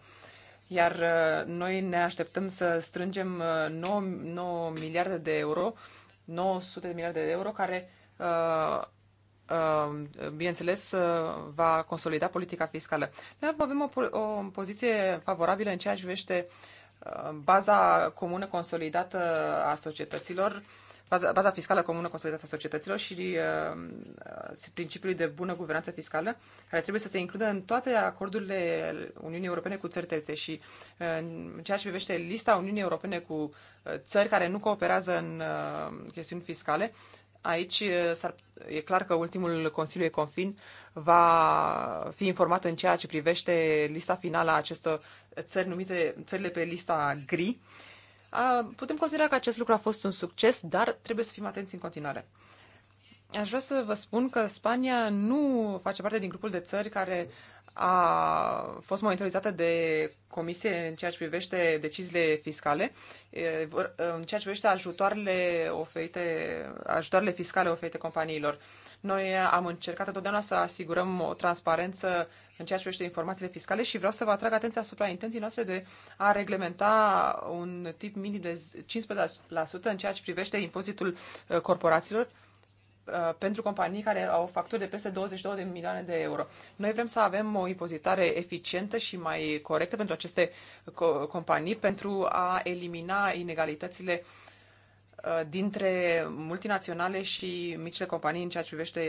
Iar uh, noi ne așteptăm să strângem 9, uh, 9 miliarde de euro, 900 de miliarde de euro, care, bineînțeles, va consolida politica fiscală. Noi avem o, o poziție favorabilă în ceea ce privește baza comună consolidată a societăților, baza, baza fiscală comună consolidată a societăților și uh, uh, principiului de bună guvernanță fiscală, care trebuie să se includă în toate acordurile Uniunii Europene cu țări terțe. Și uh, în ceea ce privește lista Uniunii Europene cu uh, țări care nu cooperează în uh, chestiuni fiscale, Aici uh, e clar că ultimul Consiliu Econfin va fi informat în ceea ce privește lista finală a acestor țări numite țările pe lista gri. Uh, Ah, putem considera că acest lucru a fost un succes, dar trebuie să fim atenți în continuare. Aș vrea să vă spun că Spania nu face parte din grupul de țări care a fost monitorizată de comisie în ceea ce privește deciziile fiscale, în ceea ce privește ajutoarele, oferite, ajutoarele fiscale oferite companiilor. Noi eh, am încercat întotdeauna să asigurăm o transparență în ceea ce privește informațiile fiscale și vreau să vă atrag atenția asupra intenției noastre de a reglementa un tip minim de 15% în ceea ce privește impozitul eh, corporațiilor eh, pentru companii care au facturi de peste 22 de milioane de euro. Noi vrem să avem o impozitare eficientă și mai corectă pentru aceste companii pentru a elimina inegalitățile uh, Uh, dintre multinaționale și micile companii în ceea ce privește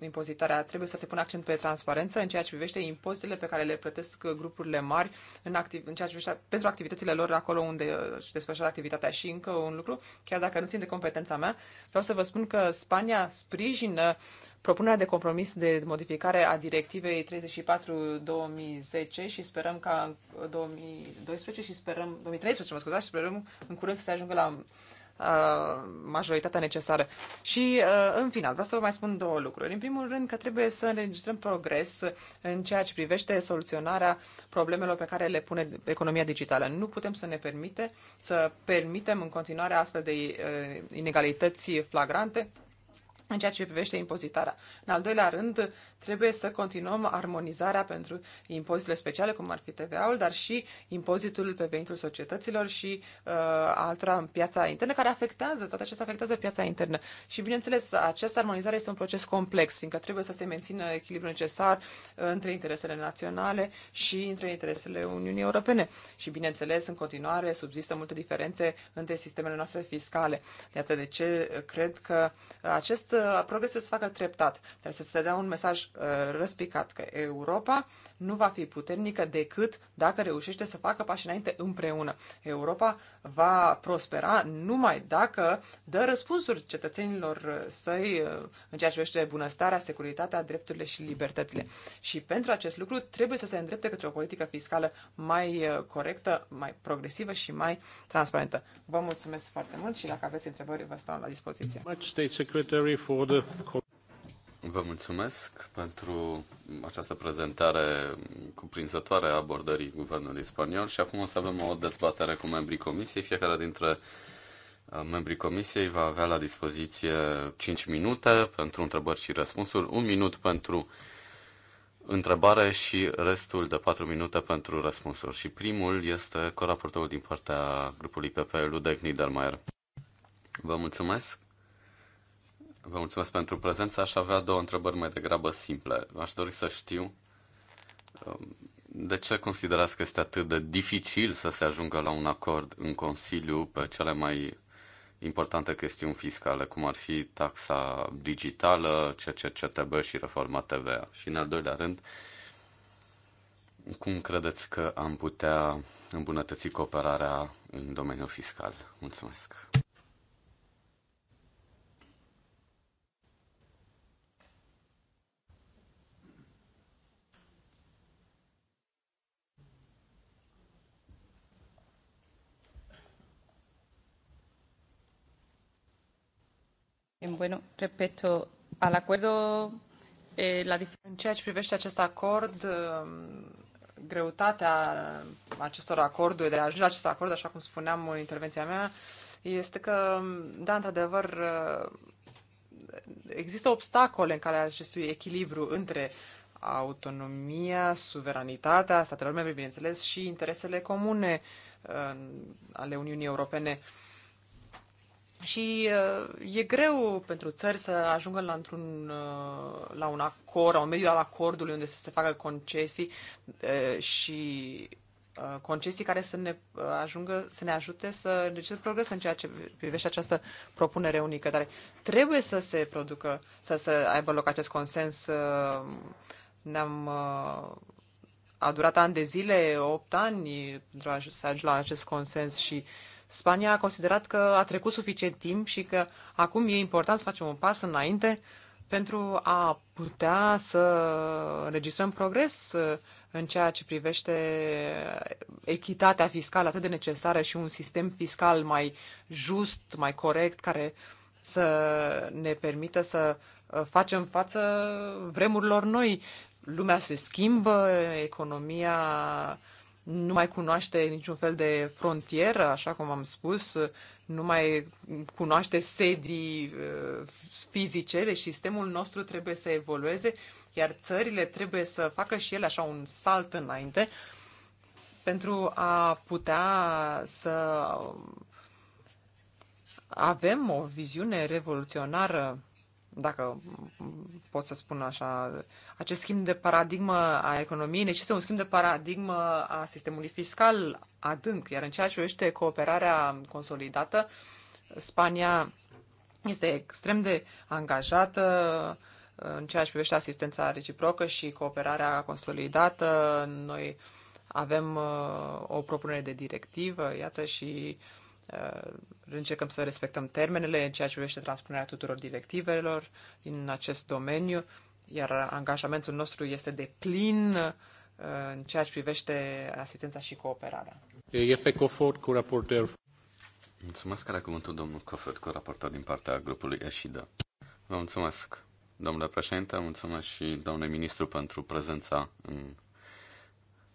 impozitarea. Trebuie să se pună accent pe transparență în ceea ce privește impozitele pe care le plătesc grupurile mari în activ- în ceea ce privește, pentru activitățile lor acolo unde uh, își desfășoară activitatea. Și încă un lucru, chiar dacă nu țin de competența mea, vreau să vă spun că Spania sprijină propunerea de compromis de modificare a directivei 34-2010 și sperăm ca în 2012 și sperăm, 2013, mă scuzați, sperăm în curând să se ajungă la Uh, majoritatea necesară. Și, uh, în final, vreau să vă mai spun două lucruri. În primul rând că trebuie să înregistrăm progres în ceea ce privește soluționarea problemelor pe care le pune economia digitală. Nu putem să ne permite să permitem în continuare astfel de uh, inegalități flagrante în ceea ce privește impozitarea. În al doilea rând, Trebuie să continuăm armonizarea pentru impozitele speciale, cum ar fi TVA-ul, dar și impozitul pe venitul societăților și uh, altora în piața internă, care afectează, toate acestea afectează piața internă. Și, bineînțeles, această armonizare este un proces complex, fiindcă trebuie să se mențină echilibru necesar între interesele naționale și între interesele Uniunii Europene. Și, bineînțeles, în continuare subzistă multe diferențe între sistemele noastre fiscale. Iată de ce cred că acest uh, progres trebuie să se facă treptat. Trebuie să se dea un mesaj Uh, răspicat că Europa nu va fi puternică decât dacă reușește să facă pași înainte împreună. Europa va prospera numai dacă dă răspunsuri cetățenilor săi uh, în ceea ce privește bunăstarea, securitatea, drepturile și libertățile. Și pentru acest lucru trebuie să se îndrepte către o politică fiscală mai uh, corectă, mai progresivă și mai transparentă. Vă mulțumesc foarte mult și dacă aveți întrebări, vă stau la dispoziție. Vă mulțumesc pentru această prezentare cuprinzătoare a abordării guvernului spaniol și acum o să avem o dezbatere cu membrii comisiei. Fiecare dintre uh, membrii comisiei va avea la dispoziție 5 minute pentru întrebări și răspunsuri, un minut pentru întrebare și restul de 4 minute pentru răspunsuri. Și primul este coraportorul din partea grupului PPL, Ludek Niedermayer. Vă mulțumesc! Vă mulțumesc pentru prezență. Aș avea două întrebări mai degrabă simple. Aș dori să știu um, de ce considerați că este atât de dificil să se ajungă la un acord în Consiliu pe cele mai importante chestiuni fiscale, cum ar fi taxa digitală, CCCTB și reforma TVA? Și în al doilea rând, cum credeți că am putea îmbunătăți cooperarea în domeniul fiscal? Mulțumesc! În bueno, respecto al acuerdo, eh, la În ceea ce privește acest acord, um, greutatea acestor acorduri, de a ajunge la acest acord, așa cum spuneam în intervenția mea, este că, um, da, într-adevăr, uh, există obstacole în calea acestui echilibru între autonomia, suveranitatea statelor membre, bineînțeles, și interesele comune uh, ale Uniunii Europene. Uh, și uh, e greu pentru țări să ajungă la, într-un, uh, la un acord, la un mediu al acordului unde să se facă concesii uh, și concesii care să ne ajungă, să ne ajute să să progres în ceea ce privește această propunere unică. Dar trebuie să se producă, să, să aibă loc acest consens. Ne-am a durat ani de zile, 8 ani, pentru a să ajungi la acest consens și uh, Spania a considerat că a trecut suficient timp și că acum e important să facem un pas înainte pentru a putea să înregistrăm progres uh, în ceea ce privește echitatea fiscală atât de necesară și un sistem fiscal mai just, mai corect, care să ne permită să uh, facem față vremurilor noi. Lumea se schimbă, economia nu mai cunoaște niciun fel de frontieră, așa cum am spus, nu mai cunoaște sedii uh, fizice, deci sistemul nostru trebuie să evolueze, iar țările trebuie să facă și ele așa un salt înainte pentru a putea să avem o viziune revoluționară, dacă pot să spun așa, acest schimb de paradigmă a economiei necesită un schimb de paradigmă a sistemului fiscal adânc, iar în ceea ce privește cooperarea consolidată, Spania este extrem de angajată uh, în ceea ce privește asistența reciprocă și cooperarea consolidată. Noi avem uh, o propunere de directivă, iată, și uh, încercăm să respectăm termenele în ceea ce privește transpunerea tuturor directivelor din acest domeniu iar angajamentul nostru este de plin uh, în ceea ce privește asistența și cooperarea. E pe Cofort cu raportor. Mulțumesc, că cuvântul domnul Cofort cu raportor din partea grupului Eșida. Vă mulțumesc, domnule președinte, mulțumesc și domnule ministru pentru prezența în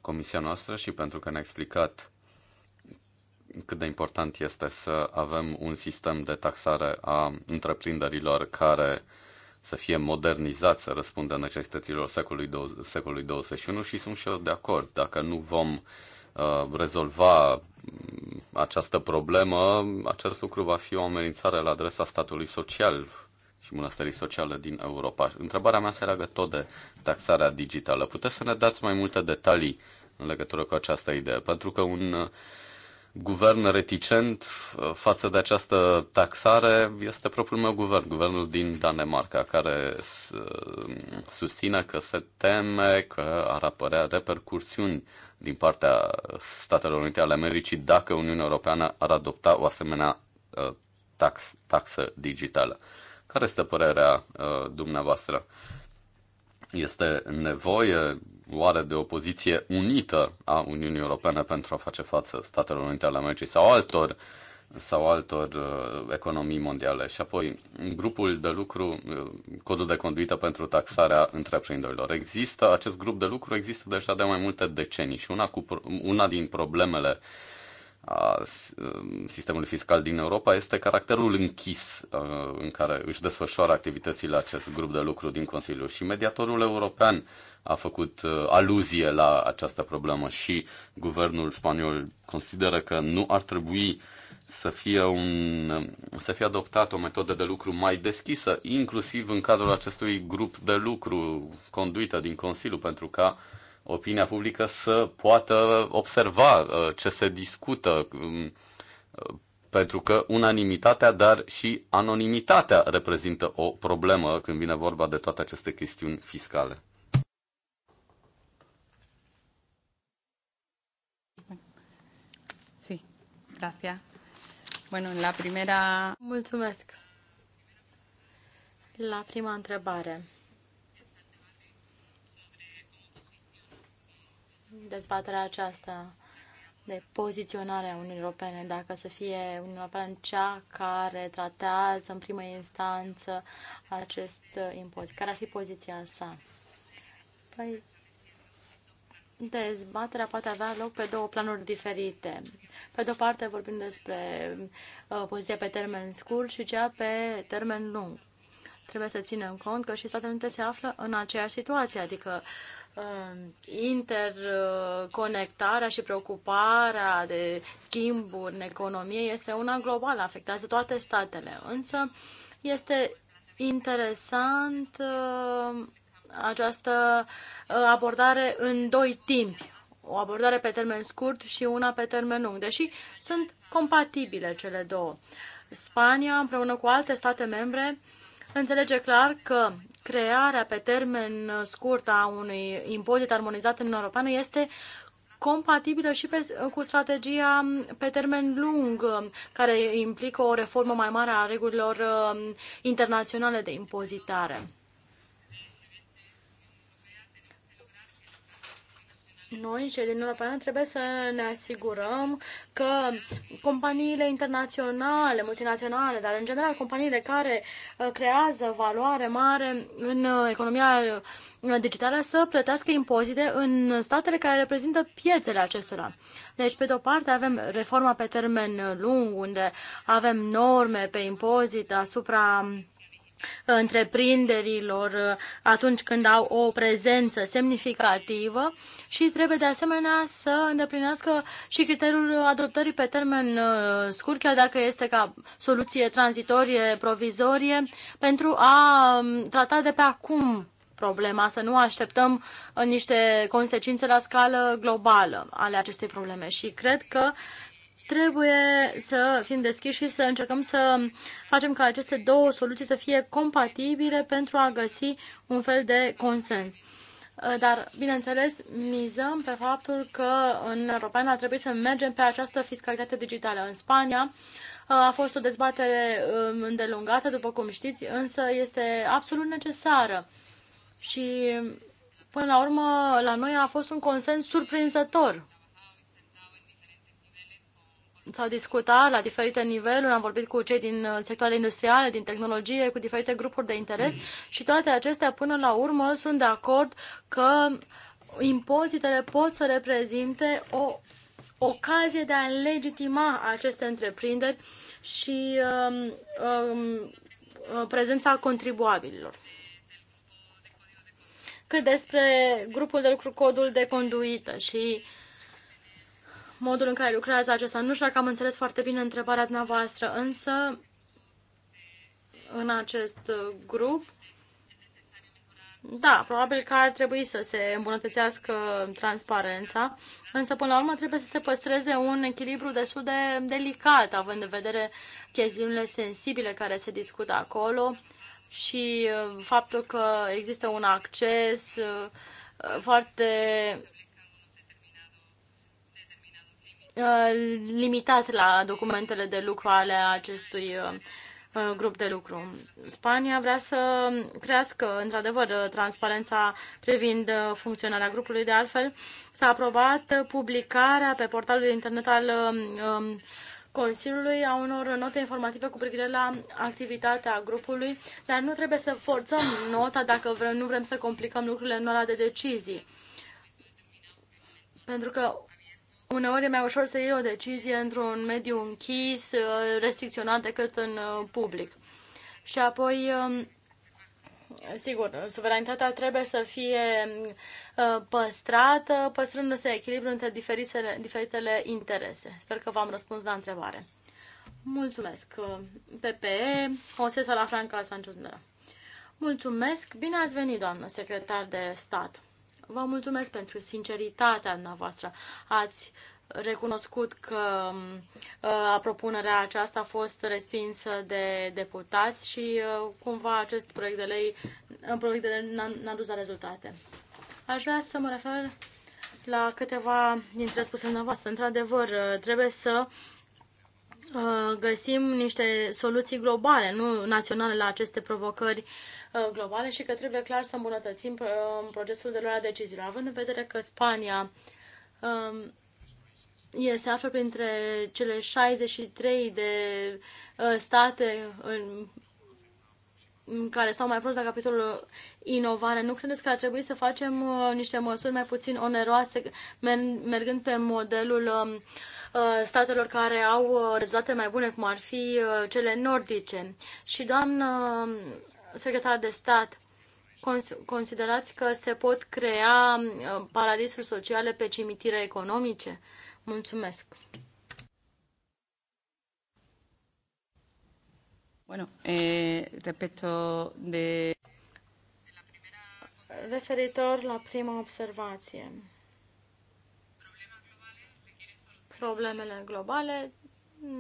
comisia noastră și pentru că ne-a explicat cât de important este să avem un sistem de taxare a întreprinderilor care să fie modernizat, să răspundă necesităților secolului, secolului 21 și sunt și eu de acord. Dacă nu vom uh, rezolva mm, această problemă, acest lucru va fi o amenințare la adresa statului social și mănăstării sociale din Europa. Întrebarea mea se leagă tot de taxarea digitală. Puteți să ne dați mai multe detalii în legătură cu această idee? Pentru că un uh, guvern reticent uh, față de această taxare este propriul meu guvern, guvernul din Danemarca, care uh, susține că se teme că ar apărea repercursiuni din partea Statelor Unite ale Americii dacă Uniunea Europeană ar adopta o asemenea uh, tax, taxă digitală. Care este părerea dumneavoastră? Este nevoie oare de o poziție unită a Uniunii Europene pentru a face față Statelor Unite ale Americii sau altor sau altor uh, economii mondiale. Și apoi, grupul de lucru, uh, codul de conduită pentru taxarea întreprinderilor. Există, acest grup de lucru există deja de mai multe decenii și una, cu, una din problemele uh, a um, sistemului fiscal din Europa este caracterul închis uh, în care își desfășoară activitățile acest grup de lucru din Consiliu. Și mediatorul european a făcut uh, aluzie la această problemă și guvernul spaniol consideră că nu ar trebui să fie, un, um, să fie adoptată o metodă de lucru mai deschisă, inclusiv în cadrul acestui grup de lucru conduită din Consiliu, pentru ca opinia publică să poată observa uh, ce se discută, um, uh, pentru că unanimitatea, dar și anonimitatea reprezintă o problemă când vine vorba de toate aceste chestiuni fiscale. Sí, gracias. Bueno, la primera... Mulțumesc. La prima întrebare. dezbaterea aceasta de poziționare a Uniunii Europene, dacă să fie Uniunea Europeană cea care tratează în primă instanță acest impozit. Care ar fi poziția sa? Păi, dezbaterea poate avea loc pe două planuri diferite. Pe de-o parte vorbim despre uh, poziția pe termen scurt și cea pe termen lung. Trebuie să ținem cont că și Statele Unite se află în aceeași situație, adică uh, interconectarea și preocuparea de schimburi în economie este una globală, afectează toate statele. Însă este interesant uh, această uh, abordare în doi timpi. O abordare pe termen scurt și una pe termen lung, deși sunt compatibile cele două. Spania, împreună cu alte state membre, înțelege clar că crearea pe termen scurt a unui impozit armonizat în Europeană este compatibilă și pe, cu strategia pe termen lung, care implică o reformă mai mare a regulilor um, internaționale de impozitare. noi, cei din Europeană, trebuie să ne asigurăm că companiile internaționale, multinaționale, dar în general companiile care uh, creează valoare mare în uh, economia uh, digitală să plătească impozite în statele care reprezintă piețele acestora. Deci, pe de-o parte, avem reforma pe termen lung, unde avem norme pe impozit asupra întreprinderilor uh, atunci când au o prezență semnificativă și trebuie de asemenea să îndeplinească și criteriul adoptării pe termen uh, scurt, chiar dacă este ca soluție tranzitorie, provizorie, pentru a um, trata de pe acum problema, să nu așteptăm uh, niște consecințe la scală globală ale acestei probleme. Și cred că uh, trebuie să fim deschiși și să încercăm să facem ca aceste două soluții să fie compatibile pentru a găsi un fel de consens. Uh, dar, bineînțeles, mizăm pe faptul că în Europa ar trebui să mergem pe această fiscalitate digitală. În Spania uh, a fost o dezbatere um, îndelungată, după cum știți, însă este absolut necesară. Și, până la urmă, la noi a fost un consens surprinzător s-a discutat la diferite niveluri, am vorbit cu cei din uh, sectoarele industriale, din tehnologie, cu diferite grupuri de interes și toate acestea până la urmă sunt de acord că impozitele pot să reprezinte o ocazie de a legitima aceste întreprinderi și um, um, uh, prezența contribuabililor. Cât despre grupul de lucru codul de conduită și uh, modul în care lucrează acesta. Nu știu dacă am înțeles foarte bine întrebarea dumneavoastră, însă în acest uh, grup, da, probabil că ar trebui să se îmbunătățească transparența, însă până la urmă trebuie să se păstreze un echilibru destul de delicat, având în vedere chestiunile sensibile care se discută acolo și uh, faptul că există un acces uh, foarte Uh, limitat la documentele de lucru ale acestui uh, uh, grup de lucru. Spania vrea să crească, într-adevăr, transparența privind funcționarea grupului. De altfel, s-a aprobat publicarea pe portalul internet al um, um, Consiliului a unor note informative cu privire la activitatea grupului, dar nu trebuie să forțăm nota dacă vrem, nu vrem să complicăm lucrurile în ora de decizii. Pentru că Uneori e mai ușor să iei o decizie într-un mediu închis, uh, restricționat decât în uh, public. Și apoi, um, sigur, suveranitatea trebuie să fie uh, păstrată, păstrându-se echilibru între diferitele, diferitele interese. Sper că v-am răspuns la întrebare. Mulțumesc, PPE, la Franca Sanjundera. Mulțumesc, bine ați venit, doamnă secretar de stat. Vă mulțumesc pentru sinceritatea noastră. Ați recunoscut că uh, a, propunerea aceasta a fost respinsă de deputați și a, uh, cumva acest proiect de lei, uh, proiect de lei n-a dus la rezultate. Aș vrea să mă refer la câteva dintre spusele noastre. Într-adevăr, trebuie să găsim niște soluții globale, nu naționale, la aceste provocări Uh, globale și că trebuie clar să îmbunătățim uh, procesul de luare a deciziilor, având în vedere că Spania um, se află printre cele 63 de uh, state în, în care stau mai prost la capitolul inovare. Nu credeți că ar trebui să facem niște măsuri mai puțin oneroase, mergând pe modelul um, statelor care au rezultate mai bune, cum ar fi cele nordice? Și, doamnă secretar de stat, considerați că se pot crea uh, paradisuri sociale pe cimitire economice? Mulțumesc! Bueno, eh, respecto de... Referitor la prima observație. Problemele globale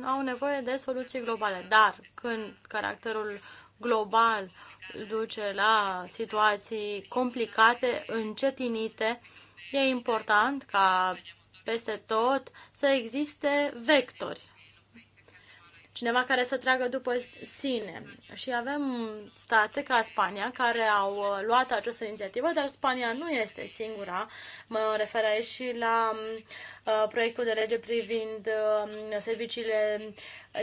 au nevoie de soluții globale, dar când caracterul global duce la situații complicate, încetinite, e important ca peste tot să existe vectori cineva care să tragă după sine. Și avem state ca Spania care au uh, luat această inițiativă, dar Spania nu este singura. Mă refer aici și la um, uh, proiectul de lege privind um, serviciile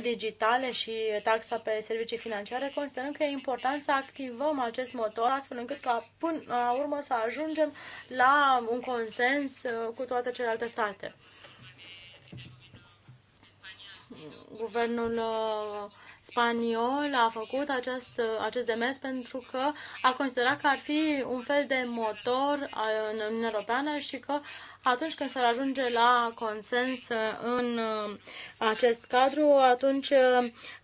digitale și taxa pe servicii financiare. Considerăm că e important să activăm acest motor astfel încât ca până la urmă să ajungem la un consens uh, cu toate celelalte state. guvernul uh, spaniol a făcut acest, uh, acest demers pentru că a considerat că ar fi un fel de motor uh, în Uniunea Europeană și că atunci când s-ar ajunge la consens în acest cadru, atunci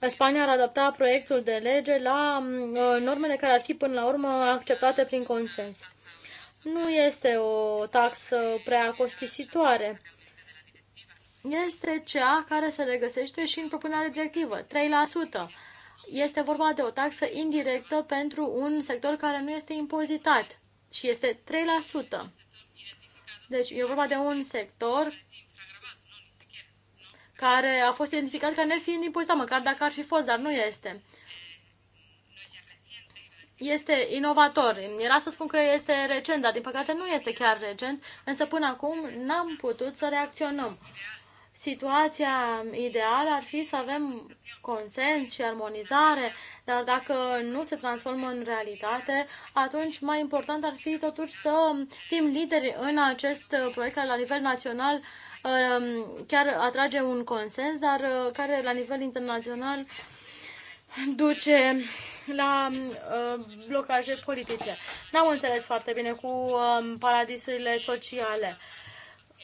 Spania ar adapta proiectul de lege la normele care ar fi până la urmă acceptate prin consens. Nu este o taxă prea costisitoare este cea care se regăsește și în propunerea de directivă, 3%. Este vorba de o taxă indirectă pentru un sector care nu este impozitat și este 3%. Deci e vorba de un sector care a fost identificat ca nefiind impozitat, măcar dacă ar fi fost, dar nu este. Este inovator. Era să spun că este recent, dar din păcate nu este chiar recent, însă până acum n-am putut să reacționăm. Situația ideală ar fi să avem consens și armonizare, dar dacă nu se transformă în realitate, atunci mai important ar fi totuși să fim lideri în acest proiect care la nivel național um, chiar atrage un consens, dar uh, care la nivel internațional duce la um, uh, blocaje politice. N-am înțeles foarte bine cu um, paradisurile sociale.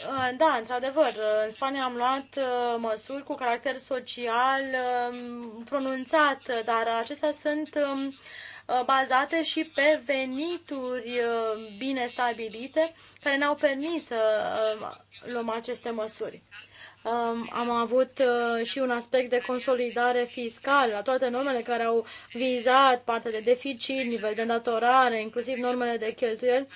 Uh, da, într-adevăr, uh, în Spania am luat uh, măsuri cu caracter social um, pronunțat, dar acestea sunt um, bazate și pe venituri bine stabilite care ne-au permis să luăm aceste măsuri. Um, am avut și un aspect de consolidare fiscală, toate normele care au vizat partea de deficit, nivel de îndatorare, inclusiv normele de cheltuieli,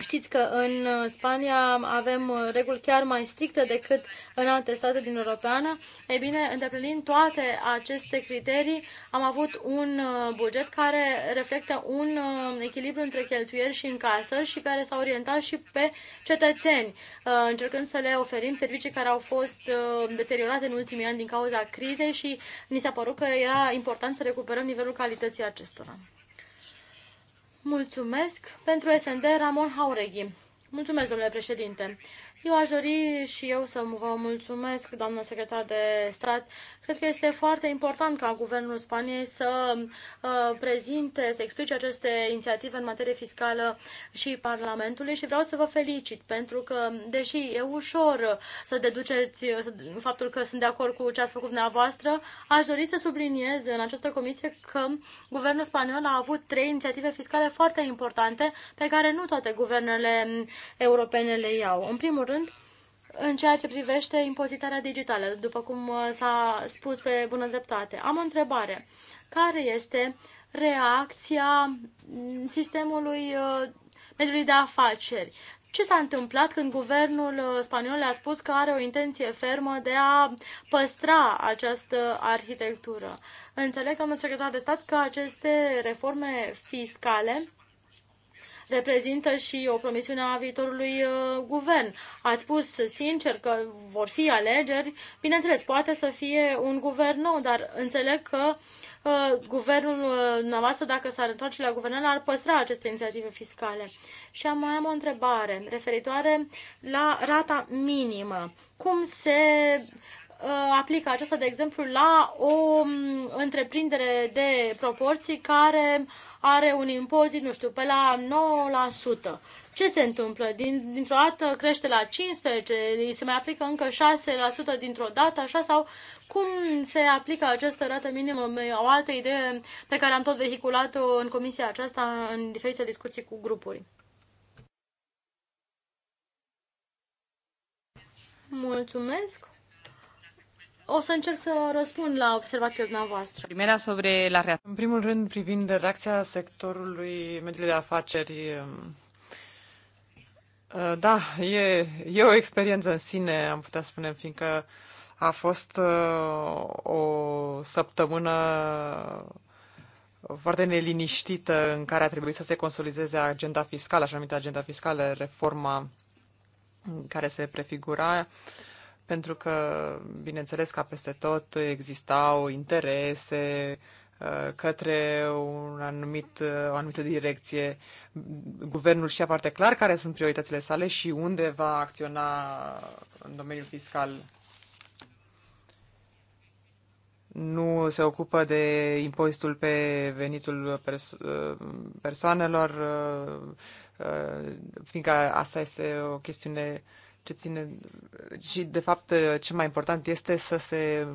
Știți că în uh, Spania avem uh, reguli chiar mai stricte decât în alte state din Europeană. E bine, îndeplinind toate aceste criterii, am avut un uh, buget care reflectă un echilibru între cheltuieli și încasări și care s-a orientat și pe cetățeni, încercând să le oferim servicii care au fost deteriorate în ultimii ani din cauza crizei și ni s-a părut că era important să recuperăm nivelul calității acestora. Mulțumesc pentru SND Ramon Haureghi. Mulțumesc, domnule președinte. Eu aș dori și eu să vă mulțumesc, doamnă secretar de stat, Cred că este foarte important ca guvernul Spaniei să uh, prezinte, să explice aceste inițiative în materie fiscală și Parlamentului și vreau să vă felicit pentru că, deși e ușor să deduceți uh, faptul că sunt de acord cu ce ați făcut dumneavoastră, aș dori să subliniez în această comisie că guvernul spaniol a avut trei inițiative fiscale foarte importante pe care nu toate guvernele europene le iau. În primul rând, în ceea ce privește impozitarea digitală, după cum uh, s-a spus pe bună dreptate. Am o întrebare. Care este reacția sistemului uh, mediului de afaceri? Ce s-a întâmplat când guvernul uh, spaniol a spus că are o intenție fermă de a păstra această arhitectură? Înțeleg, domnul secretar de stat, că aceste reforme fiscale reprezintă și o promisiune a viitorului uh, guvern. Ați spus sincer că vor fi alegeri. Bineînțeles, poate să fie un guvern nou, dar înțeleg că uh, guvernul uh, dumneavoastră, dacă s-ar întoarce la guvernare, ar păstra aceste inițiative fiscale. Și am mai am o întrebare referitoare la rata minimă. Cum se Uh, aplică aceasta, de exemplu, la o mm, întreprindere de proporții care are un impozit, nu știu, pe la 9%. Ce se întâmplă? Din, dintr-o dată crește la 15, îi se mai aplică încă 6% dintr-o dată, așa, sau cum se aplică această rată minimă? O altă idee pe care am tot vehiculat-o în comisia aceasta, în diferite discuții cu grupuri. Mulțumesc! O să încerc să răspund la observația dumneavoastră. Primera sobre la reacție. În primul rând, privind reacția sectorului mediului de afaceri, um, uh, da, e, e o experiență în sine, am putea spune, fiindcă a fost uh, o săptămână foarte neliniștită în care a trebuit să se consolideze agenda fiscală, așa numită agenda fiscală, reforma care se prefigura pentru că, bineînțeles, ca peste tot existau interese uh, către un anumit, uh, o anumită direcție. Guvernul știa foarte clar care sunt prioritățile sale și unde va acționa în domeniul fiscal. Nu se ocupă de impozitul pe venitul perso uh, persoanelor, fiindcă asta este o chestiune uh, ce ține și de fapt ce mai important este să se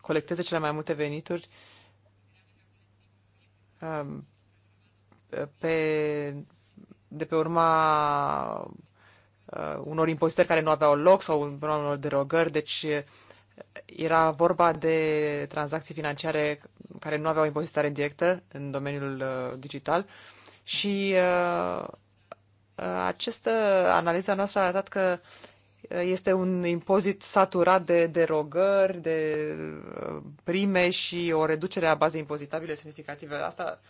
colecteze cele mai multe venituri um, pe, de pe urma uh, unor impozitări care nu aveau loc sau unor derogări, deci era vorba de tranzacții financiare care nu aveau impozitare directă în domeniul uh, digital și uh, uh, această analiză noastră a arătat că uh, este un impozit saturat de derogări, de uh, prime și o reducere a bazei impozitabile semnificative. Asta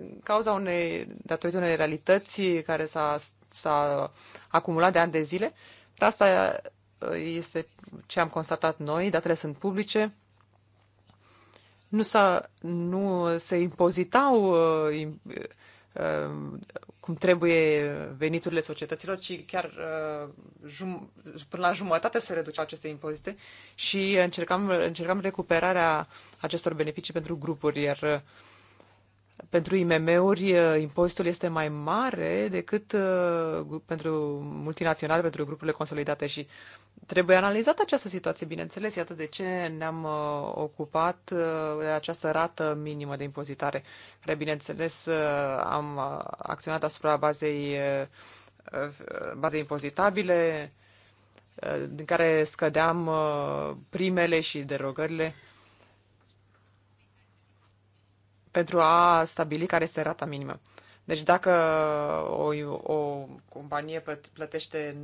în cauza unei, datorită unei realități care s-a, s-a acumulat de ani de zile. Asta uh, este ce am constatat noi, datele sunt publice. Nu, s nu se impozitau uh, cum trebuie veniturile societăților, ci chiar uh, jum, până la jumătate se reduceau aceste impozite și încercam, încercam recuperarea acestor beneficii pentru grupuri, iar uh, pentru IMM-uri uh, impozitul este mai mare decât uh, pentru multinaționale, pentru grupurile consolidate și trebuie analizată această situație, bineînțeles. Iată de ce ne-am uh, ocupat de această rată minimă de impozitare, care, bineînțeles, am acționat asupra bazei, bazei impozitabile, din care scădeam primele și derogările pentru a stabili care este rata minimă. Deci dacă o, o companie plătește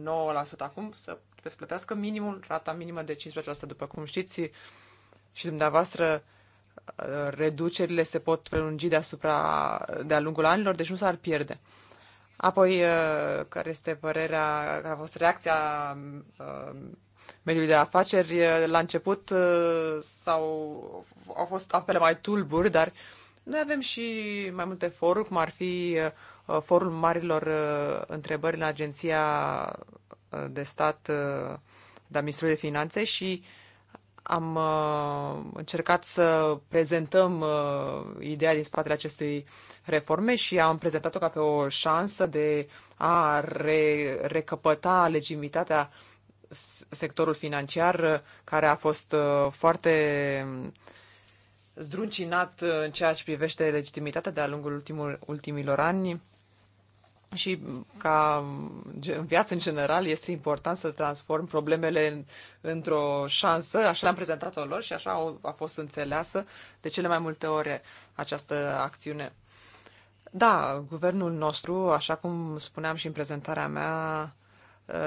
9% acum, să să plătească minimul, rata minimă de 15%. După cum știți și dumneavoastră, reducerile se pot prelungi deasupra, de-a lungul anilor, deci nu s-ar pierde. Apoi, care este părerea, care a fost reacția mediului de afaceri? La început sau au fost apele mai tulburi, dar uh, noi avem și mai multe foruri, cum ar fi uh, forul marilor uh, întrebări în Agenția uh, de Stat de da, Ministrul de Finanțe și am încercat să prezentăm ideea din spatele acestei reforme și am prezentat-o ca pe o șansă de a re- recăpăta legitimitatea sectorul financiar care a fost uh, foarte zdruncinat uh, în ceea ce privește legitimitatea de-a lungul ultimul, ultimilor ani și ca în viață în general este important să transform problemele într-o șansă, așa am prezentat-o lor și așa a fost înțeleasă de cele mai multe ori această acțiune. Da, guvernul nostru, așa cum spuneam și în prezentarea mea,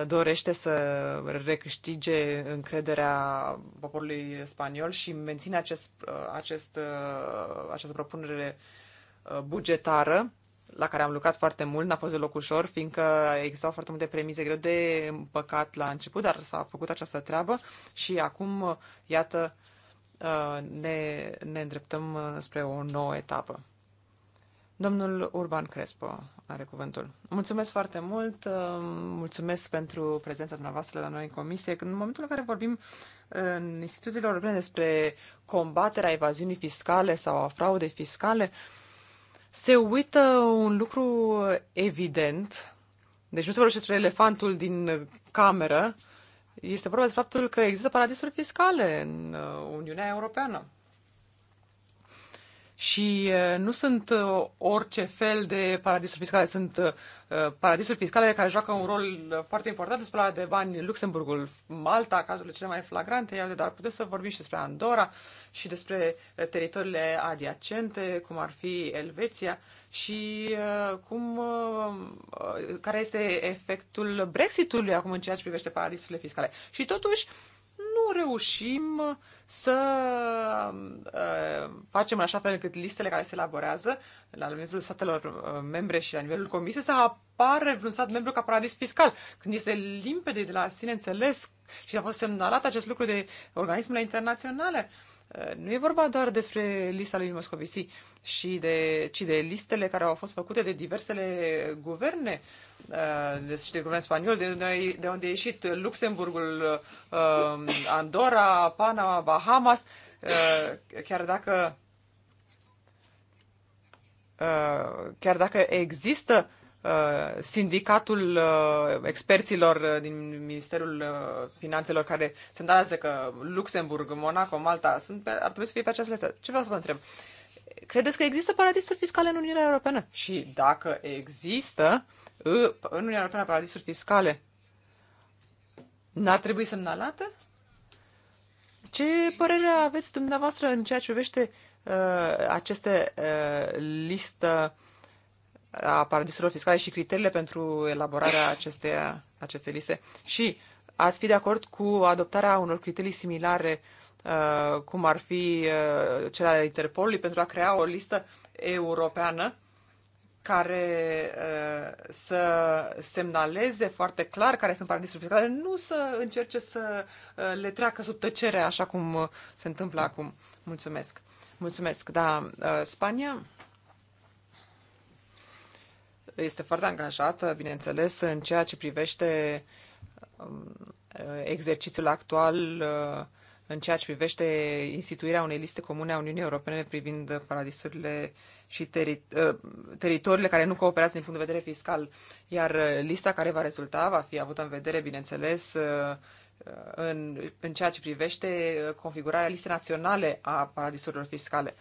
dorește să recâștige încrederea poporului spaniol și menține acest, uh, acest, uh, această propunere uh, bugetară la care am lucrat foarte mult, n-a fost deloc ușor, fiindcă existau foarte multe premise greu de împăcat la început, dar s-a făcut această treabă și acum, iată, ne, ne îndreptăm spre o nouă etapă. Domnul Urban Crespo are cuvântul. Mulțumesc foarte mult, uh, mulțumesc pentru prezența dumneavoastră la noi în comisie. În momentul în care vorbim uh, în instituțiile europene despre combaterea evaziunii fiscale sau a fraudei fiscale, se uită un lucru evident, deci nu se vorbește despre elefantul din cameră, este vorba despre faptul că există paradisuri fiscale în uh, Uniunea Europeană și uh, nu sunt uh, orice fel de paradisuri fiscale, sunt uh, paradisuri fiscale care joacă un rol foarte important despre de bani. Luxemburgul, Malta, cazurile cele mai flagrante, dar puteți să vorbim și despre Andorra și despre teritoriile adiacente, cum ar fi Elveția și cum, care este efectul Brexitului acum în ceea ce privește paradisurile fiscale. Și totuși, nu reușim să uh, facem așa fel încât listele care se elaborează la nivelul statelor uh, membre și la nivelul comisiei să apară vreun stat membru ca paradis fiscal, când este limpede de la sine înțeles și a fost semnalat acest lucru de organismele internaționale. Uh, Uh, nu e vorba doar despre lista lui Moscovici, și de, ci de listele care au fost făcute de diversele guverne, deci de guvern spaniol, de unde, de unde a ieșit Luxemburgul, uh, Andorra, Panama, Bahamas, chiar dacă chiar dacă există Uh, sindicatul uh, experților uh, din Ministerul Finanțelor care se îndalează că Luxemburg, Monaco, Malta sunt pe, ar trebui să fie pe această listă. Ce vreau să vă întreb? Credeți că există paradisuri fiscale în Uniunea Europeană? Și dacă există în Uniunea Europeană paradisuri fiscale, n-ar trebui semnalate? Ce părere aveți dumneavoastră în ceea ce privește uh, aceste uh, listă uh, a paradisurilor fiscale și criteriile pentru elaborarea acestei, aceste liste. Și ați fi de acord cu adoptarea unor criterii similare, uh, cum ar fi uh, cele ale Interpolului, pentru a crea o listă europeană care uh, să semnaleze foarte clar care sunt paradisurile fiscale, nu să încerce să uh, le treacă sub tăcere, așa cum se întâmplă acum. Mulțumesc. Mulțumesc. Da, uh, Spania este foarte angajată, bineînțeles, în ceea ce privește um, exercițiul actual, uh, în ceea ce privește instituirea unei liste comune a Uniunii Europene privind paradisurile și teri, uh, teritoriile care nu cooperează din punct de vedere fiscal. Iar uh, lista care va rezulta va fi avută în vedere, bineînțeles, în, în ceea ce privește configurarea listei naționale a paradisurilor fiscale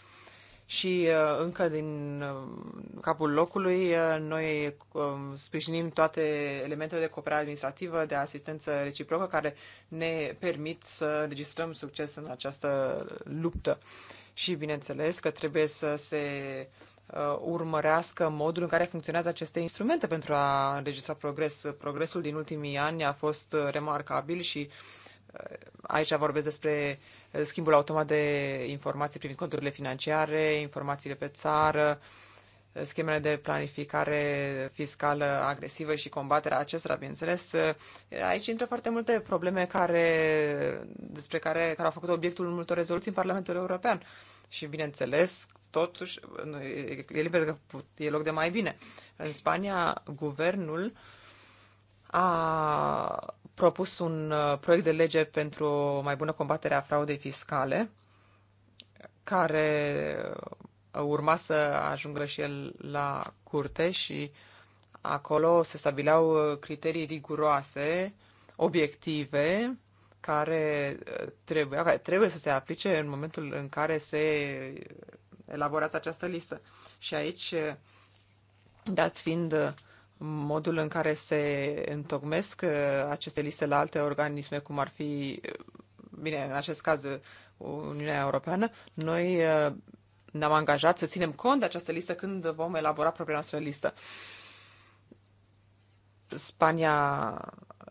și uh, încă din uh, capul locului uh, noi um, sprijinim toate elementele de cooperare administrativă, de asistență reciprocă care ne permit să registrăm succes în această luptă. Și bineînțeles că trebuie să se urmărească modul în care funcționează aceste instrumente pentru a înregistra progres. Progresul din ultimii ani a fost remarcabil și aici vorbesc despre uh, Eh, schimbul automat de informații privind conturile financiare, informațiile pe țară, eh, schemele de planificare fiscală agresivă și combaterea acestora, bineînțeles. Eh, aici intră foarte multe probleme care, despre care, care au făcut obiectul multor rezoluții în Parlamentul European. Și, bineînțeles, totuși, e limpede că e loc de mai bine. În Spania, guvernul a propus un uh, proiect de lege pentru o mai bună combatere a fraudei fiscale, care uh, urma să ajungă și el la curte și acolo se stabileau uh, criterii riguroase, obiective, care trebuie, care trebuie să se aplice în momentul în care se elaborează această listă. Și aici, dat fiind modul în care se întocmesc uh, aceste liste la alte organisme, cum ar fi, uh, bine, în acest caz, uh, Uniunea Europeană, noi ne-am angajat să ținem cont de această listă când vom elabora propria noastră listă. Spania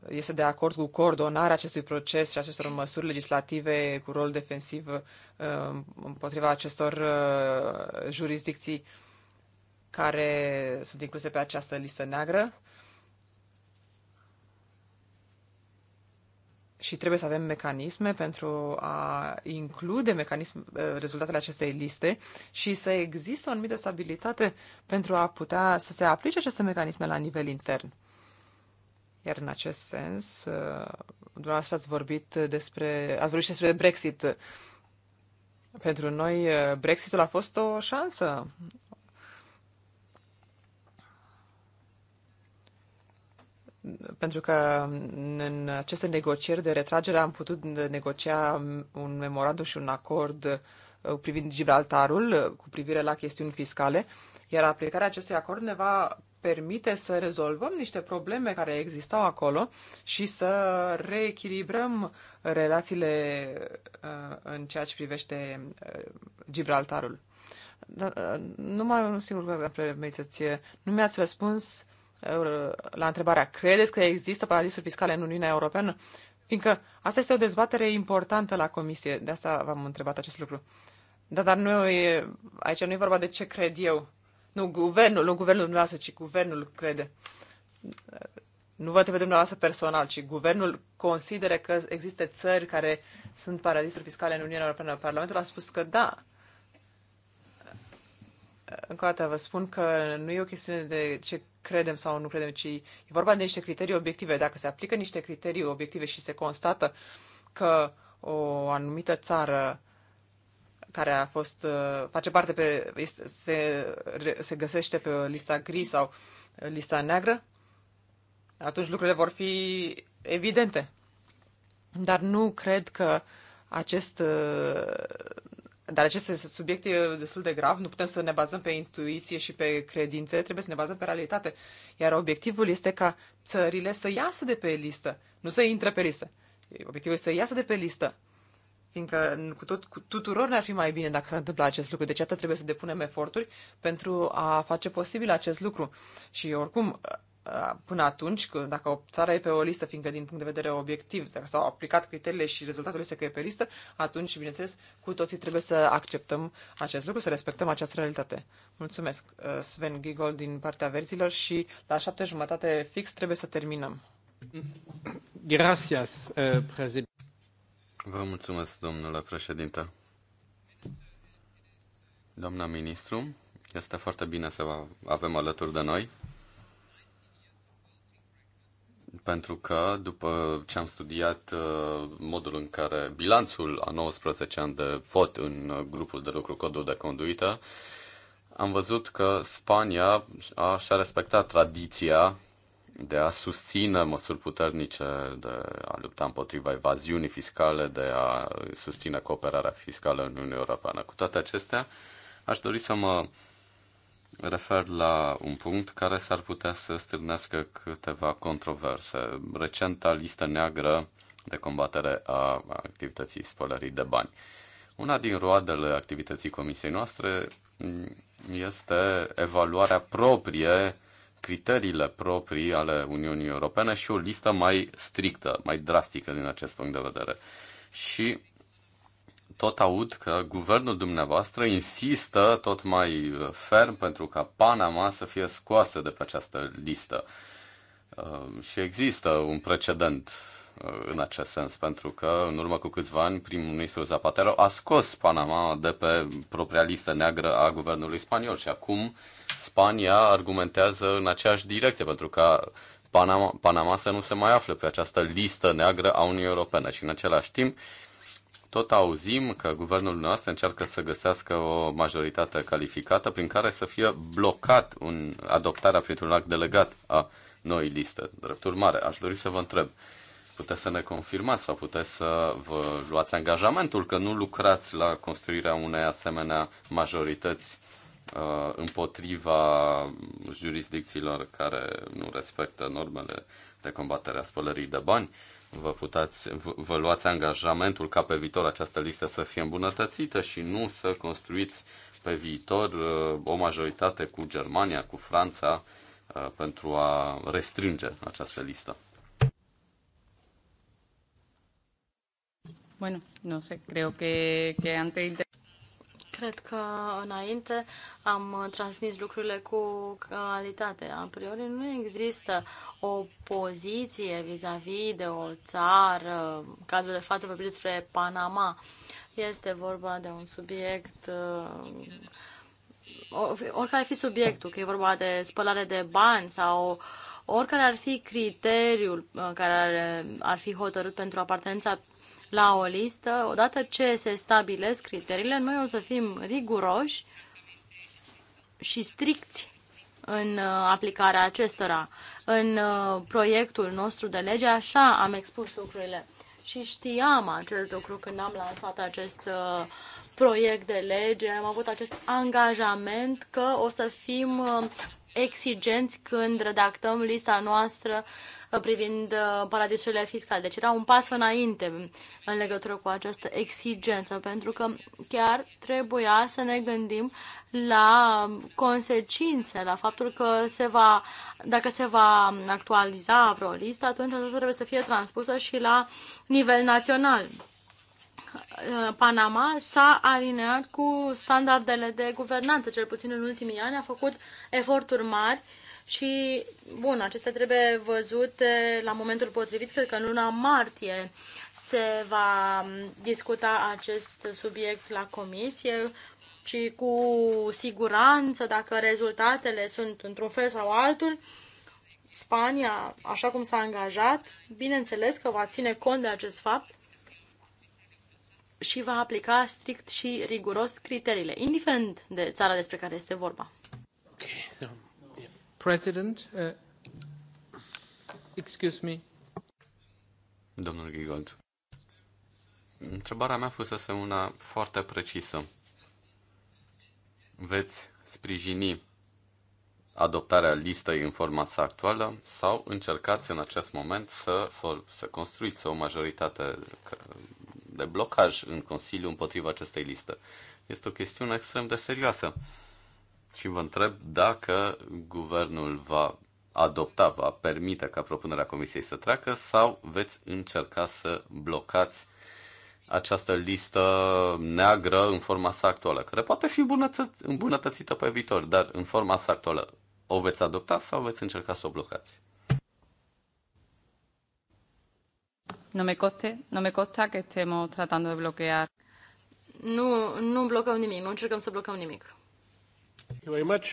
este de acord cu coordonarea acestui proces și acestor măsuri legislative cu rol defensiv împotriva acestor jurisdicții care sunt incluse pe această listă neagră și trebuie să avem mecanisme pentru a include mecanism, uh, rezultatele acestei liste și să există o anumită stabilitate pentru a putea să se aplice aceste mecanisme la nivel intern. Iar în acest sens, uh, dumneavoastră ați vorbit despre, ați vorbit despre Brexit. Pentru noi, uh, Brexitul a fost o șansă, pentru că în aceste negocieri de retragere am putut negocia un memorandum și un acord uh, privind Gibraltarul uh, cu privire la chestiuni fiscale, iar aplicarea acestui acord ne va permite să rezolvăm niște probleme care existau acolo și să reechilibrăm relațiile uh, în ceea ce privește Gibraltarul. Dar, numai un singur lucru, nu mi-ați răspuns uh, la întrebarea, credeți că există paradisuri fiscale în Uniunea Europeană? Fiindcă asta este o dezbatere importantă la Comisie, de asta v-am întrebat acest lucru. Da, dar nu e, aici nu e vorba de ce cred eu. Nu guvernul, nu guvernul dumneavoastră, ci guvernul crede. Nu vă trebuie dumneavoastră personal, ci guvernul consideră că există țări care sunt paradisuri fiscale în Uniunea Europeană. Parlamentul a spus că da, încă o dată vă spun că nu e o chestiune de ce credem sau nu credem, ci e vorba de niște criterii obiective. Dacă se aplică niște criterii obiective și se constată că o anumită țară care a fost, uh, face parte pe, este, se, se găsește pe lista gri sau lista neagră, atunci lucrurile vor fi evidente. Dar nu cred că acest uh, dar acest subiect e destul de grav, nu putem să ne bazăm pe intuiție și pe credințe, trebuie să ne bazăm pe realitate. Iar obiectivul este ca țările să iasă de pe listă, nu să intre pe listă. Obiectivul este să iasă de pe listă. Fiindcă cu, tot, cu tuturor ne-ar fi mai bine dacă s-ar întâmpla acest lucru. Deci atât trebuie să depunem eforturi pentru a face posibil acest lucru. Și oricum, Uh, până atunci, când, dacă o țară e pe o listă, fiindcă din punct de vedere obiectiv, dacă s-au aplicat criteriile și rezultatul este că e pe listă, atunci, bineînțeles, cu toții trebuie să acceptăm acest lucru, să respectăm această realitate. Mulțumesc, uh, Sven Gigol din partea verzilor și la șapte jumătate fix trebuie să terminăm. Gracias, uh, președinte. Vă mulțumesc, domnule președinte. Doamna ministru, este foarte bine să vă avem alături de noi pentru că după ce am studiat uh, modul în care bilanțul a 19 ani de vot în uh, grupul de lucru codul de conduită, am văzut că Spania a, și-a respectat tradiția de a susține măsuri puternice, de a lupta împotriva evaziunii fiscale, de a susține cooperarea fiscală în Uniunea Europeană. Cu toate acestea, aș dori să mă refer la un punct care s-ar putea să strânească câteva controverse. Recenta listă neagră de combatere a activității spălării de bani. Una din roadele activității comisiei noastre este evaluarea proprie, criteriile proprii ale Uniunii Europene și o listă mai strictă, mai drastică din acest punct de vedere. Și tot aud că guvernul dumneavoastră insistă tot mai uh, ferm pentru ca Panama să fie scoasă de pe această listă. Uh, și există un precedent uh, în acest sens, pentru că în urmă cu câțiva ani primul ministru Zapatero a scos Panama de pe propria listă neagră a guvernului spaniol și acum Spania argumentează în aceeași direcție, pentru că Panama, Panama să nu se mai afle pe această listă neagră a Uniunii Europene și în același timp tot auzim că guvernul nostru încearcă să găsească o majoritate calificată prin care să fie blocat un, adoptarea printr-un act delegat a noi liste. Drept urmare, aș dori să vă întreb, puteți să ne confirmați sau puteți să vă luați angajamentul că nu lucrați la construirea unei asemenea majorități uh, împotriva jurisdicțiilor care nu respectă normele de combaterea spălării de bani. Vă, putați, vă, vă luați angajamentul ca pe viitor această listă să fie îmbunătățită și nu să construiți pe viitor uh, o majoritate cu Germania, cu Franța, uh, pentru a restrânge această listă. Bueno, no sé, creo que, que antes... Cred că înainte am transmis lucrurile cu calitate. A priori nu există o poziție vis-a-vis -vis de o țară. În cazul de față vorbim despre Panama. Este vorba de un subiect uh, oricare ar fi subiectul, că e vorba de spălare de bani sau oricare ar fi criteriul uh, care ar, fi hotărât pentru apartenența la o listă, odată ce se stabilesc criteriile, noi o să fim riguroși și stricți în uh, aplicarea acestora. În uh, proiectul nostru de lege, așa am expus lucrurile. Și știam acest lucru când am lansat acest uh, proiect de lege, am avut acest angajament că o să fim exigenți când redactăm lista noastră uh, privind uh, paradisurile fiscale. Deci era un pas înainte în legătură cu această exigență, pentru că chiar trebuia să ne gândim la consecințe, la faptul că se va, dacă se va actualiza vreo listă, atunci aceasta trebuie să fie transpusă și la nivel național. Uh, Panama s-a alineat cu standardele de guvernanță, cel puțin în ultimii ani, a făcut eforturi mari uh, și, bun, acestea trebuie văzute la momentul potrivit, cred că în luna martie se va discuta acest subiect la comisie și cu siguranță, dacă rezultatele sunt într-un fel sau altul, Spania, așa cum s-a angajat, bineînțeles că va ține cont de acest fapt și va aplica strict și riguros criteriile, indiferent de țara despre care este vorba. Okay, so President, uh, excuse Domnul Gigold. Întrebarea mea fusese una foarte precisă. Veți sprijini adoptarea listei în forma sa actuală sau încercați în acest moment să, să construiți o majoritate de blocaj în Consiliu împotriva acestei liste? Este o chestiune extrem de serioasă și vă întreb dacă guvernul va adopta, va permite ca propunerea Comisiei să treacă sau veți încerca să blocați această listă neagră în forma sa actuală, care poate fi îmbunătățită pe viitor, dar în forma sa actuală o veți adopta sau veți încerca să o blocați? No me, coste, no me costa que estemos tratando de bloquear. Nu, nu blocăm nimic, nu încercăm să blocăm nimic.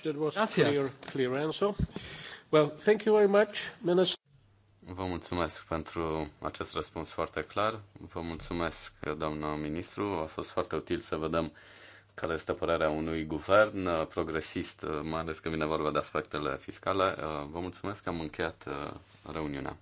Gracias. Vă mulțumesc pentru acest răspuns foarte clar. Vă mulțumesc, doamna ministru. A fost foarte util să vedem care este părerea unui guvern progresist, mai ales când vine vorba de aspectele fiscale. Vă mulțumesc că am încheiat uh, reuniunea.